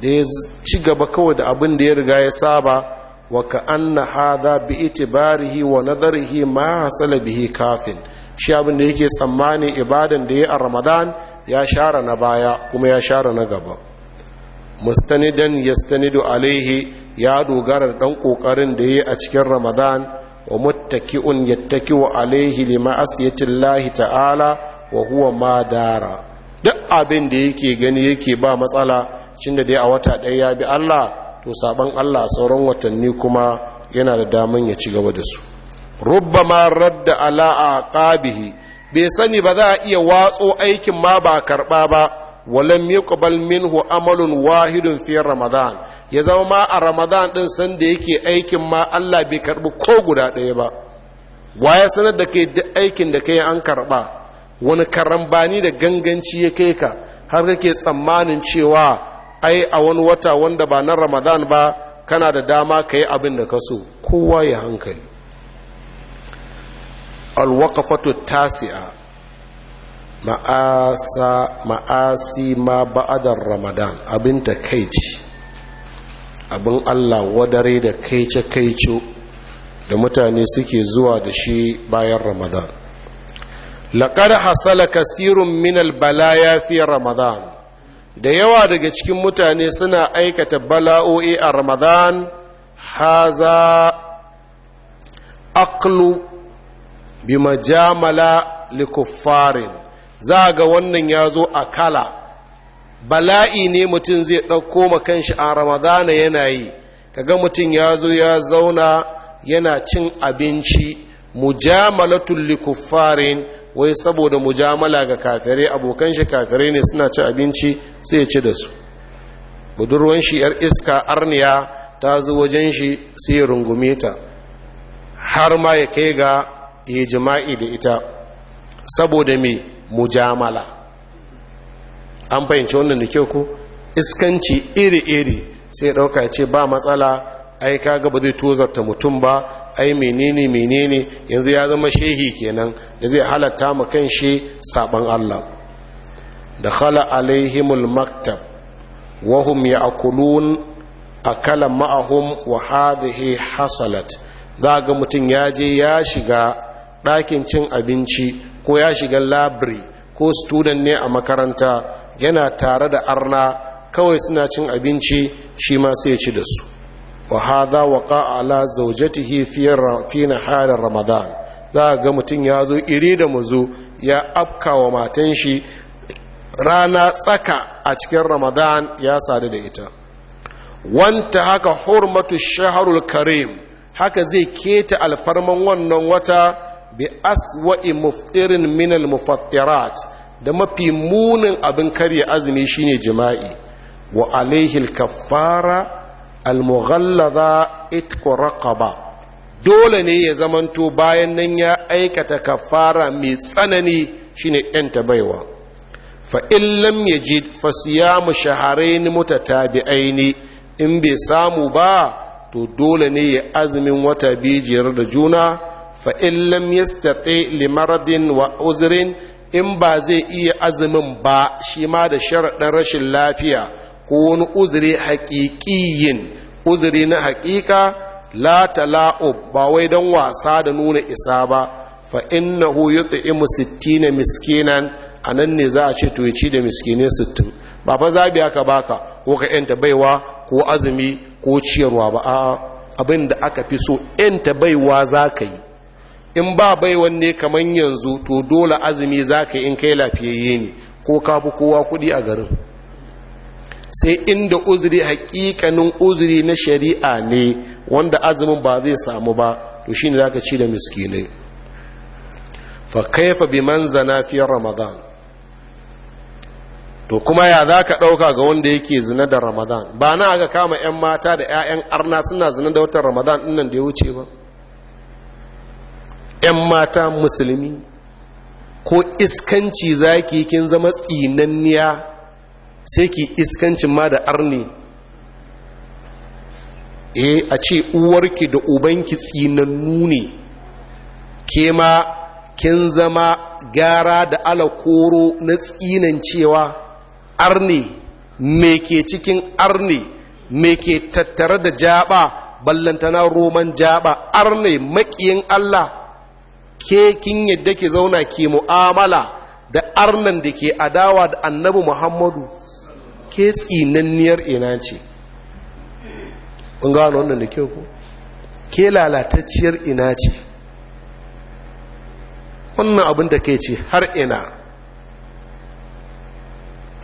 da ya ci gaba kawai da abin da ya riga ya saba wa ka na hada bi itibarihi wa nazarihi ma hasala bihi kafin shi abin da yake tsammanin ibadan da ya a ramadan ya share na baya kuma ya share na gaba mustanidan yastanidu alaihi ya dogara da ɗan kokarin da ya a cikin ramadan wa muttaki'un yattaki'u alaihi lima asiyatillahi ta'ala wa huwa madara duk abin da yake gani yake ba matsala cin da dai a wata ɗaya ya bi Allah to saban Allah sauran watanni kuma yana da daman ya ci gaba da su rubbama radda ala aqabihi bai sani ba za a iya watso aikin ma ba karba ba walam yuqbal minhu amalun wahidun fi ramadan ya zama ma a ramadan din san da yake aikin ma Allah bai karbi ko guda ɗaya ba waye sanar da kai duk aikin da kai an karba wani karambani da ganganci ya kai ka har kake tsammanin cewa ai a wani wata wanda ba na ramadan ba kana da dama ka yi abin da ka so kowa ya hankali alwakafatu tasi'a ma'asa ma'asi ma ba'adar ramadan abin takaici kaici abin allah wadare da kaice kaico da mutane suke zuwa da shi bayan ramadan Laƙada hasala kasirun minal balaya fi ramadan da yawa daga cikin mutane suna aikata bala'o'i a ramadan haza aklu bi majamala likuffarin za ga wannan ya zo a kala bala'i ne mutum zai ɗauko makan shi a ramadana yana yi kaga mutum ya zo ya zauna yana cin abinci mujamalatul likuffarin wai saboda mujamala ga kafirai abokan shi kafirai ne suna ci abinci sai ci da su budurwan shi yar iska arniya ta zo wajen shi sai ya rungume ta har ma ya kai ga yi jima'i da ita saboda mai mujamala an fahimci wannan da kyau ku iskanci iri-iri sai ɗauka ce ba matsala ai ka ba zai tozarta mutum ba ai menene menene yanzu ya zama shehi kenan da zai halatta ma kan shi saban Allah da khala alaihimul maktab wahum ya'kulun akala ma'ahum wa hadhihi hasalat za ga mutum ya je ya shiga ɗakin cin abinci ko ya shiga labiri ko student ne a makaranta yana tare da arna kawai suna cin abinci shi ma sai ci da su wa hadha waqa ala fiye fi nahar ramadan za ga mutum ya zo iri da muzu ya afka wa matan shi rana tsaka a cikin ramadan ya sadu da ita wanta haka hurmatu shaharul karim haka zai keta alfarman wannan wata bi aswa'i muftirin minal mufattirat da mafi munin abin karya azumi shine jima'i wa alaihil kaffara almughallaza itqu raqaba dole ne ya zamanto bayan nan ya aikata kafara mai tsanani shine yanta baiwa fa in lam yajid fa siyamu shahrayn mutatabi'aini in bai samu ba to dole ne ya azumin wata biyu jiyar da juna fa in lam yastati li maradin wa uzrin in ba zai iya azumin ba shi ma da sharadin rashin lafiya ko wani uzuri haƙiƙiyin uzuri na haƙiƙa la tala'u ba wai don wasa da nuna isa ba fa innahu yut'imu 60 miskinan anan ne za a ce to ci da miskine 60 ba fa zabi aka baka ko ka yanta baiwa ko azumi ko ciyarwa ba a abin da aka fi so yanta baiwa za ka yi in ba bai wanne kamar yanzu to dole azumi za ka in kai lafiyayye ne ko ka fi kowa kuɗi a garin sai inda uzuri hakikanin uzuri na shari'a ne wanda azumin ba zai samu ba to shine za ka ci da miskinai fa kaifa bi man zana fi ramadan to kuma ya za ka ɗauka ga wanda yake zina da ramadan ba na aka kama 'yan mata da 'ya'yan arna suna zina da watan ramadan din nan da ya wuce ba 'yan mata musulmi ko iskanci za ki kin zama tsinanniya sai ki iskancin ma da arni e eh, a ce uwarki da ubanki tsinannu ne ke ma kin zama gara da alakoro na tsinancewa arni me ke cikin arne me ke tattare da jaba ballantana roman jaba arne makiyin Allah ke kin yadda ke zauna ke mu'amala da arnan da ke adawa da annabi muhammadu ke tsinanniyar ina ce ƙunga gano wannan da ke ku ke lalatacciyar ina ce wannan abin da ke ce har ina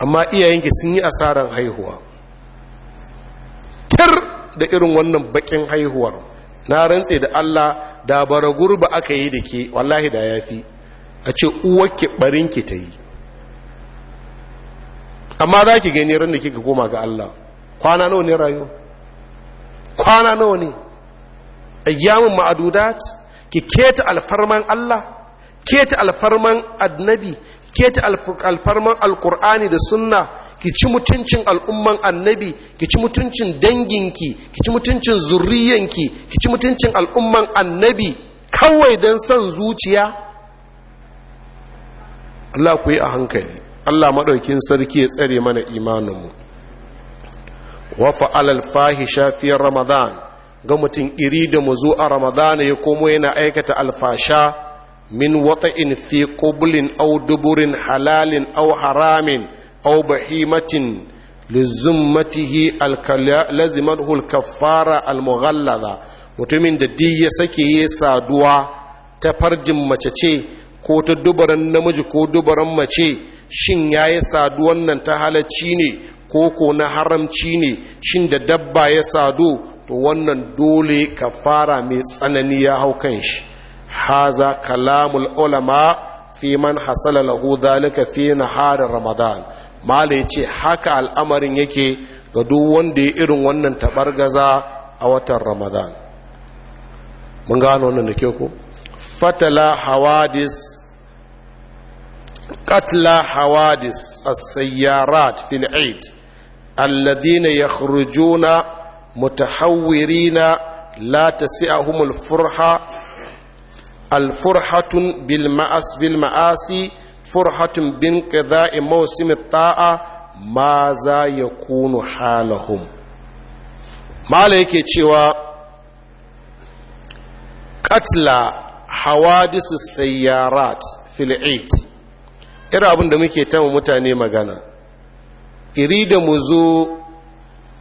amma iyayenki sun yi asarar haihuwa tar da irin wannan bakin haihuwar na rantse da Allah da bara gurba aka yi da ke wallahi da ya fi a ce uwarki barinki ta yi amma za ki gani ran da kika ga Allah kwana nawa ne rayu kwana nawa ne ayyamin ma'adudat ki keta alfarman Allah keta alfarman annabi keta alfarman alkur'ani da sunna ki ci mutuncin al'umman annabi ki ci mutuncin danginki ki ci mutuncin zurriyanki ki ci mutuncin al'umman annabi kawai don son zuciya Allah ku yi a hankali Allah maɗaukin sarki ya tsare mana imaninmu wafa alalfahisha fahisha shafiyar ramadan ga mutum iri da mu zo a ramadan ya komo yana aikata alfasha min wata in fi ƙublin au duburin halalin au haramin aw bahimatin lizummatihi lazimarhu alkaffara almughallaza mutumin da duk ya sake ya saduwa ta farjin mace ce ko ta dubaran namiji ko dubaran mace shin yayi saduwan nan ta halacci ne ko ko na haramci ne shin da dabba ya sadu to wannan dole kafara mai tsanani ya hau kan shi haza kalamul ulama fi man hasala lahu dhalika fi nahar ramadan mala ce haka al'amarin yake ga duk wanda ya irin wannan taɓargaza a watan ramadan mun gano wannan da ke ku fatala hawadis katla hawadis as-sayyarat fil eid alladhina yakhrujuna mutahawwirina la tasi'ahum al-furha al-furhatun bil ma'as bil ma'asi furhatun bin qida'i mawsim ta'a ma za yakunu halahum mala yake cewa katla hawadis sayyarat fil eid irin abin da muke ta mutane magana iri da mu zo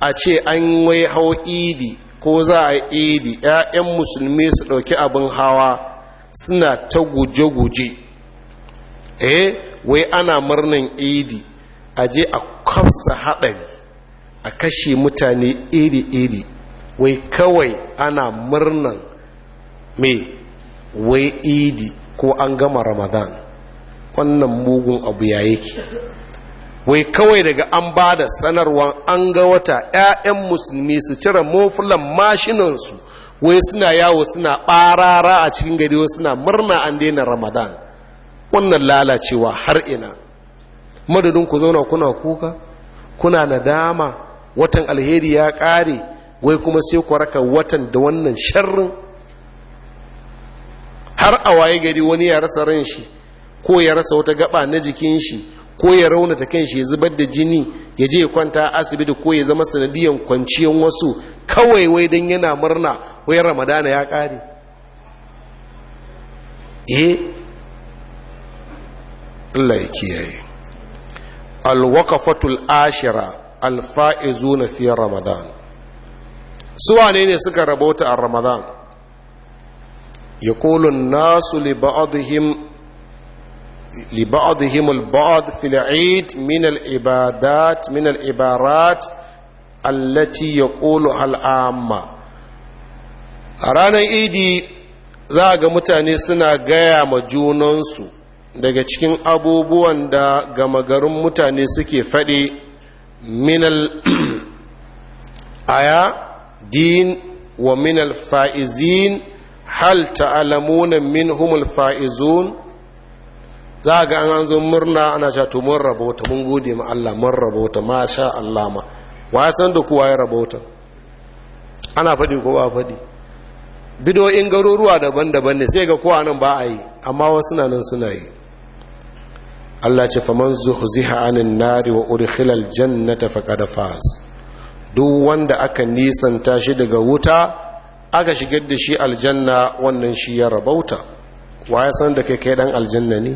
a ce an wai hau idi ko za a idi 'ya'yan musulmi su ɗauki abin hawa suna ta guje-guje eh wai ana murnan idi a je a kwafsa haɗari a kashe mutane iri-iri wai kawai ana murnan mai wai idi ko an gama ramadan wannan mugun abu ya yake wai kawai daga an ba da sanarwa an ga wata 'ya'yan musulmi su cire mofulan mashinansu wai suna yawo suna ɓarara a cikin gari suna murna an daina ramadan wannan lalacewa har ina madadin ku zauna kuna kuka kuna nadama watan alheri ya kare wai kuma sai ku raka watan da wannan sharrin har a waye gari wani ya rasa ran shi ko ya rasa wata gaba na jikin shi ko ya raunata kan shi ya zubar da jini ya je kwanta asibiti ko ya zama sanadiyan kwanciyan wasu kawai wai don yana murna wai ramadana ya kare. eh Allah ya kiyaye alwakafatul ashira alfa'izu na fiye ramadan su wanene ne suka rabota a ramadan ya kolin nasu liba'adihim al-ba'ad fil'id min al min al-ibarat allati ya kolo al'amma a ranar idi za ga mutane suna gaya ma junansu daga cikin abubuwan da gama garin mutane suke faɗi minal aya din wa minal fa'izin hal ta'alamuna min humul fa'izun za ga an zo murna ana sha to mun rabota mun gode ma Allah mun rabota ma sha Allah ma wa san da kowa ya rabota ana faɗi ko ba faɗi bidoyin garuruwa daban-daban ne sai ga kowa nan ba a yi amma wasu na nan suna yi Allah ce faman zuhziha anin nari wa urkhilal jannata faqad faz duk wanda aka nisanta shi daga wuta aka shigar da shi aljanna wannan shi ya rabauta wa san da kai kai dan aljanna ne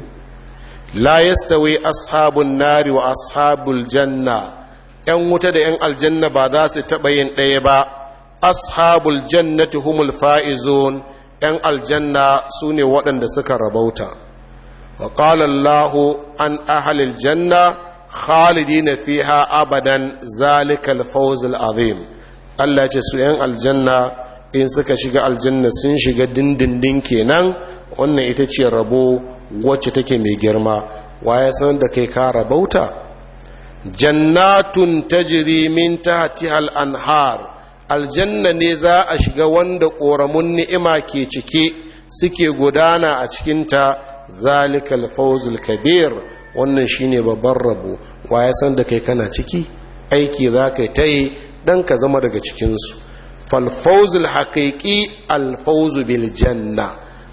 la yastawi ashabun nari wa ashabul janna yan wuta da yan aljanna ba za su taba yin ɗaya ba ashabul tuhumul humul faizun yan aljanna sune waɗanda suka rabauta wa qala Allahu an janna khalidina fiha abadan zalikal fawzul azim Allah ya ce su yan aljanna in suka shiga aljanna sun shiga dindindin kenan wannan ita ce rabo wacce take mai girma waye san da kai ka rabauta jannatun tajri min tahtiha al-anhar aljanna ne za a shiga wanda ƙoramun ni'ima ke cike suke gudana a cikinta zalikal الفوز kabir wannan shine babban rabo wa ya san da kai kana ciki aiki za ka ta yi Dan ka zama daga cikinsu Falfauzul haƙiƙi alfawzu bil janna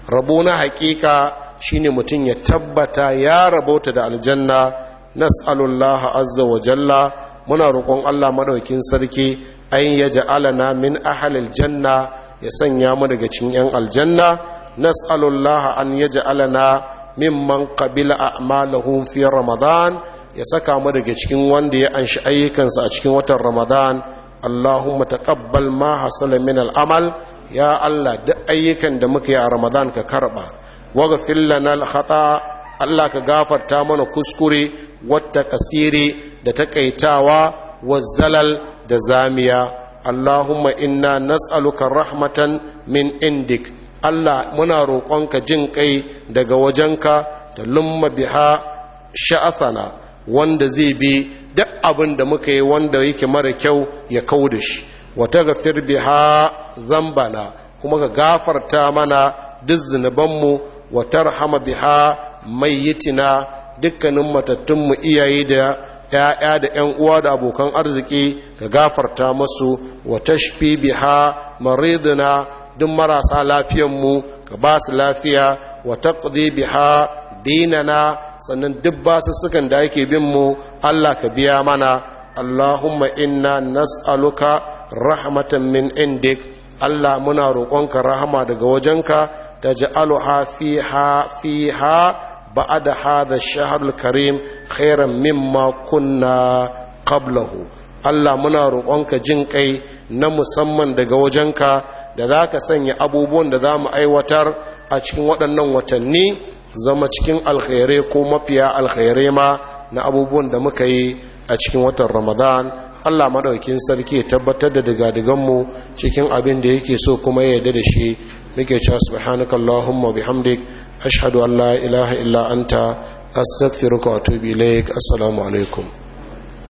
rabo na haƙiƙa shine mutum ya tabbata ya rabota da aljanna nas'alullah azza wa jalla muna roƙon Allah maɗaukin sarki an ya ja'alana min ahlil janna ya sanya mu daga cikin yan aljanna nas'alullah an ya ja'ala na min man kabila a fi ramadan ya saka mu daga cikin wanda ya anshi ayyukansa a cikin watan ramadan allahumma taqabbal ma hasala min al'amal ya allah duk ayyukan da muka a ramadan ka karba waga lana al-khata Allah ka gafarta mana kuskure wata kasiri da takaitawa wazzalal da zamiya allahuma inna nas'aluka rahmatan min indik Allah muna roƙonka jin ƙai daga wajenka ta lumma biha sha'asana wanda zai bi duk abin da muka yi wanda yake mara kyau ya kau da shi wata gafir biha zambana kuma ka gafarta mana duk zunubanmu wa rahama biha tina dukkanin matattunmu iyaye da ‘ya'ya da ‘yan uwa da abokan arziki ka gafarta masu wa tashfi biha maridina duk marasa lafiyanmu ka ba su lafiya wa taqdi biha dinana sannan duk su sukan da ake bin mu Allah ka biya mana Allahumma inna nas'aluka rahmatan min indik Allah muna roƙonka rahama daga wajenka taj'aluha fiha fiha ba'da hadha ash-shahr al-karim khairan mimma kunna qablahu Allah muna roƙonka jin ƙai na musamman daga wajenka da za ka sanya abubuwan da za mu aiwatar a cikin waɗannan watanni zama cikin alkhairai ko mafiya alkhairai ma na abubuwan da muka yi a cikin watan ramadan Allah maɗaukin sarki tabbatar da diganmu cikin abin da yake so kuma ya yarda da shi nake cewa subhanaka allahumma bihamdik ashhadu an la ilaha illa anta astaghfiruka wa atubu ilaik assalamu alaikum